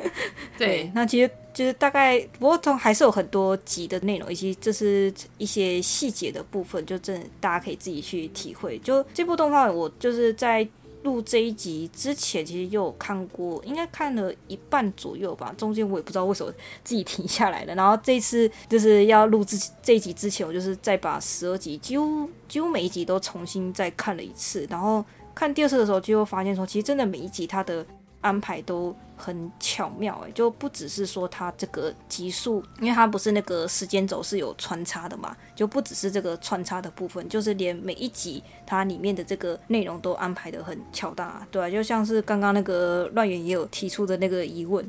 對對，那其實就是大概，不過都還是有很多集的內容，以及這是一些細節的部分，就真的大家可以自己去體會。就這部動畫，我就是在錄這一集之前，其實就有看過，應該看了一半左右吧。中間我也不知道為什麼自己停下來了。然後這次就是要錄這集這一集之前，我就是再把十二集幾乎幾乎每一集都重新再看了一次。然後看第二次的時候，就會發現說，其實真的每一集它的。安排都很巧妙誒，就不只是說它這個集數，因為它不是那個時間軸是有穿插的嘛，就不只是這個穿插的部分，就是連每一集它裡面的這個內容都安排得很恰當，對啊，就像是剛剛那個亂源也有提出的那個疑問。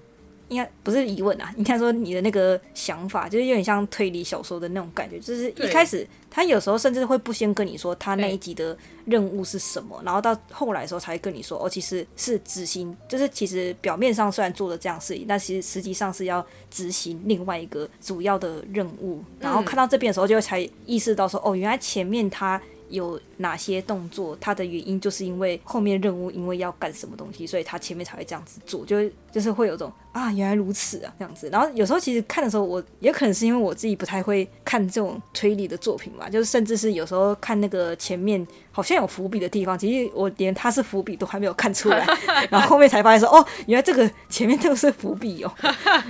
應該不是疑問啊，你看說你的那個想法，就是有點像推理小說的那種感覺，就是一開始對他有時候甚至會不先跟你說他那一集的任務是什麼，欸、然後到後來的時候才會跟你說，哦，其實是執行，就是其實表面上雖然做了這樣事情，但其實實際上是要執行另外一個主要的任務，然後看到這邊的時候就才意識到說，嗯、哦，原來前面他有。哪些動作，它的原因就是因為後面任務，因為要幹什麼東西，所以他前面才會這樣子做，就就是會有種啊，原來如此啊這樣子。然後有時候其實看的時候，我也可能是因為我自己不太會看這種推理的作品嘛，就是甚至是有時候看那個前面好像有伏筆的地方，其實我連它是伏筆都還沒有看出來，然後後面才發現說哦，原來這個前面都是伏筆哦、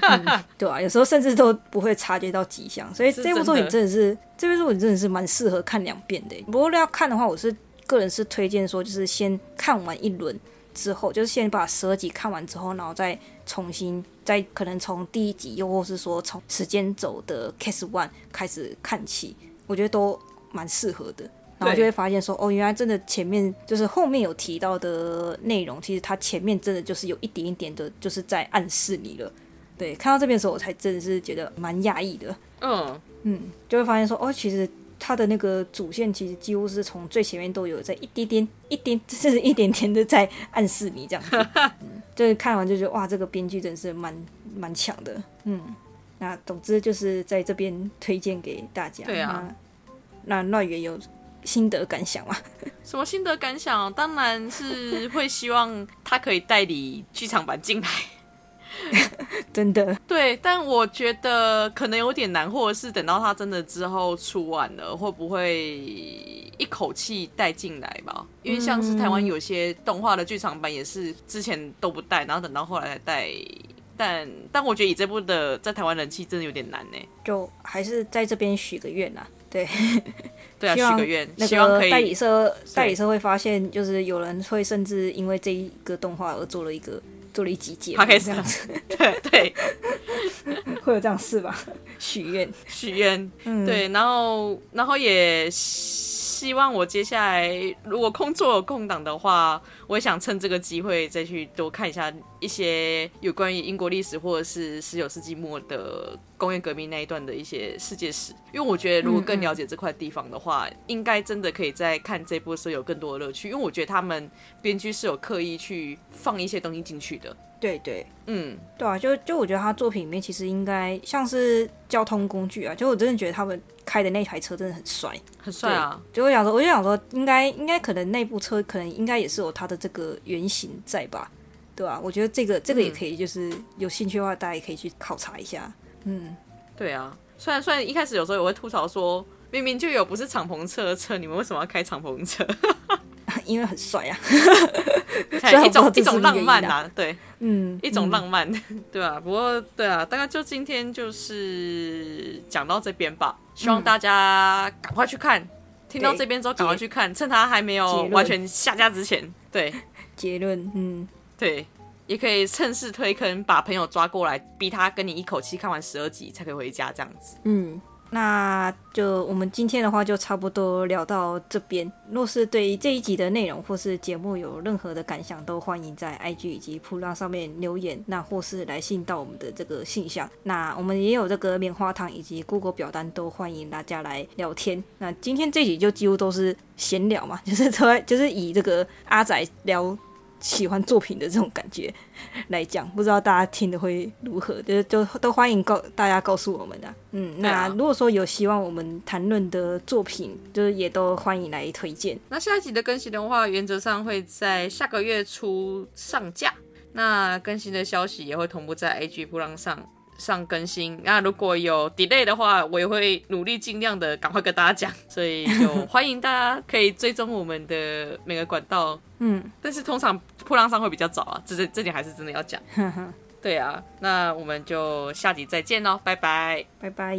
嗯，對啊，有時候甚至都不會察覺到跡象，所以這部，這部作品真的是這部作品真的是蠻適合看兩遍的。不過要看的話話我是個人是推薦說，就是先看完一輪之後，就是先把十二集看完之後，然後再重新再可能從第一集，又或是說從時間走的 Case One 開始看起，我覺得都蠻適合的。然後就會發現說，哦，原來真的前面就是後面有提到的內容，其實它前面真的就是有一點一點的，就是在暗示你了。對，看到這邊的時候，我才真的是覺得蠻訝異的。嗯嗯，就會發現說，哦，其實。他的那個主線其實幾乎是從最前面都有，在一丁點、一丁，甚至一點點的在暗示你這樣、 嗯，就是看完就覺得哇，這個編劇真是蠻蠻強的，嗯，那總之就是在這邊推薦給大家。對啊，那那也有心得感想啊， 什麼心得感想？當然是會希望他可以代理劇場版進來。 真的，對，但我覺得可能有點難，或者是等到他真的之後出完了，會不會一口氣帶進來吧？因為像是台灣有些動畫的劇場版也是之前都不帶，然後等到後來才帶。但但我覺得以這部的在台灣人氣真的有點難呢。就還是在這邊許個願吶、啊，對， 對啊，望許個願，希望可以代理社是代理社會發現，就是有人會甚至因為這一個動畫而做了一個。做了一集節目，這樣子，對對，會有這樣事吧？許願，許願，對，然後，然後也。希望我接下來如果工作有空檔的話，我也想趁這個機會再去多看一下一些有關於英國歷史或者是十九世紀末的工業革命那一段的一些世界史。因為我覺得如果更了解這塊地方的話，嗯嗯應該真的可以在看這部的時候有更多的樂趣。因為我覺得他們編劇是有刻意去放一些東西進去的。對對，嗯，對啊，就就我覺得他作品裡面其實應該像是交通工具啊，就我真的覺得他們。開的那台車真的很帥，很帥啊！就我想說，我就想說，應該應該可能那部車可能應該也是有它的這個原型在吧，對吧、啊？我覺得這個這個也可以，就是、嗯、有興趣的話，大家也可以去考察一下。嗯，對啊，雖然雖然一開始有時候也會吐槽說，明明就有不是敞篷車的車，你們為什麼要開敞篷車？ 因為很帥啊， 一種一種浪漫啊，對，嗯，一種浪漫，嗯、對啊，不過對啊，大概就今天就是講到這邊吧，希望大家趕快去看，聽到這邊之後趕快去看，趁他還沒有完全下架之前，對，結論，結論， 嗯，對，也可以趁勢推坑，把朋友抓過來，逼他跟你一口氣看完十二集才可以回家，這樣子，嗯。那就我們今天的話就差不多聊到這邊。若是對於這一集的內容或是節目有任何的感想，都歡迎在 IG 以及噗浪上面留言，那或是來信到我們的這個信箱。那我們也有這個棉花糖以及 Google 表單，都歡迎大家來聊天。那今天這集就幾乎都是閒聊嘛，就是都就是以這個阿仔聊。喜歡作品的這種感覺來講，不知道大家聽的會如何，就是就都歡迎告大家告訴我們啊。嗯，那如果說有希望我們談論的作品，就是也都歡迎來推薦。那下一集的更新的話，原則上會在下個月初上架，那更新的消息也會同步在 IG 噗浪上。上更新，那如果有 delay 的話，我也會努力盡量的趕快跟大家講，所以就歡迎大家可以追蹤我們的每個管道，嗯，但是通常破浪上會比較早啊，這這點還是真的要講。呵呵對啊，那我們就下集再見咯，拜拜，拜拜。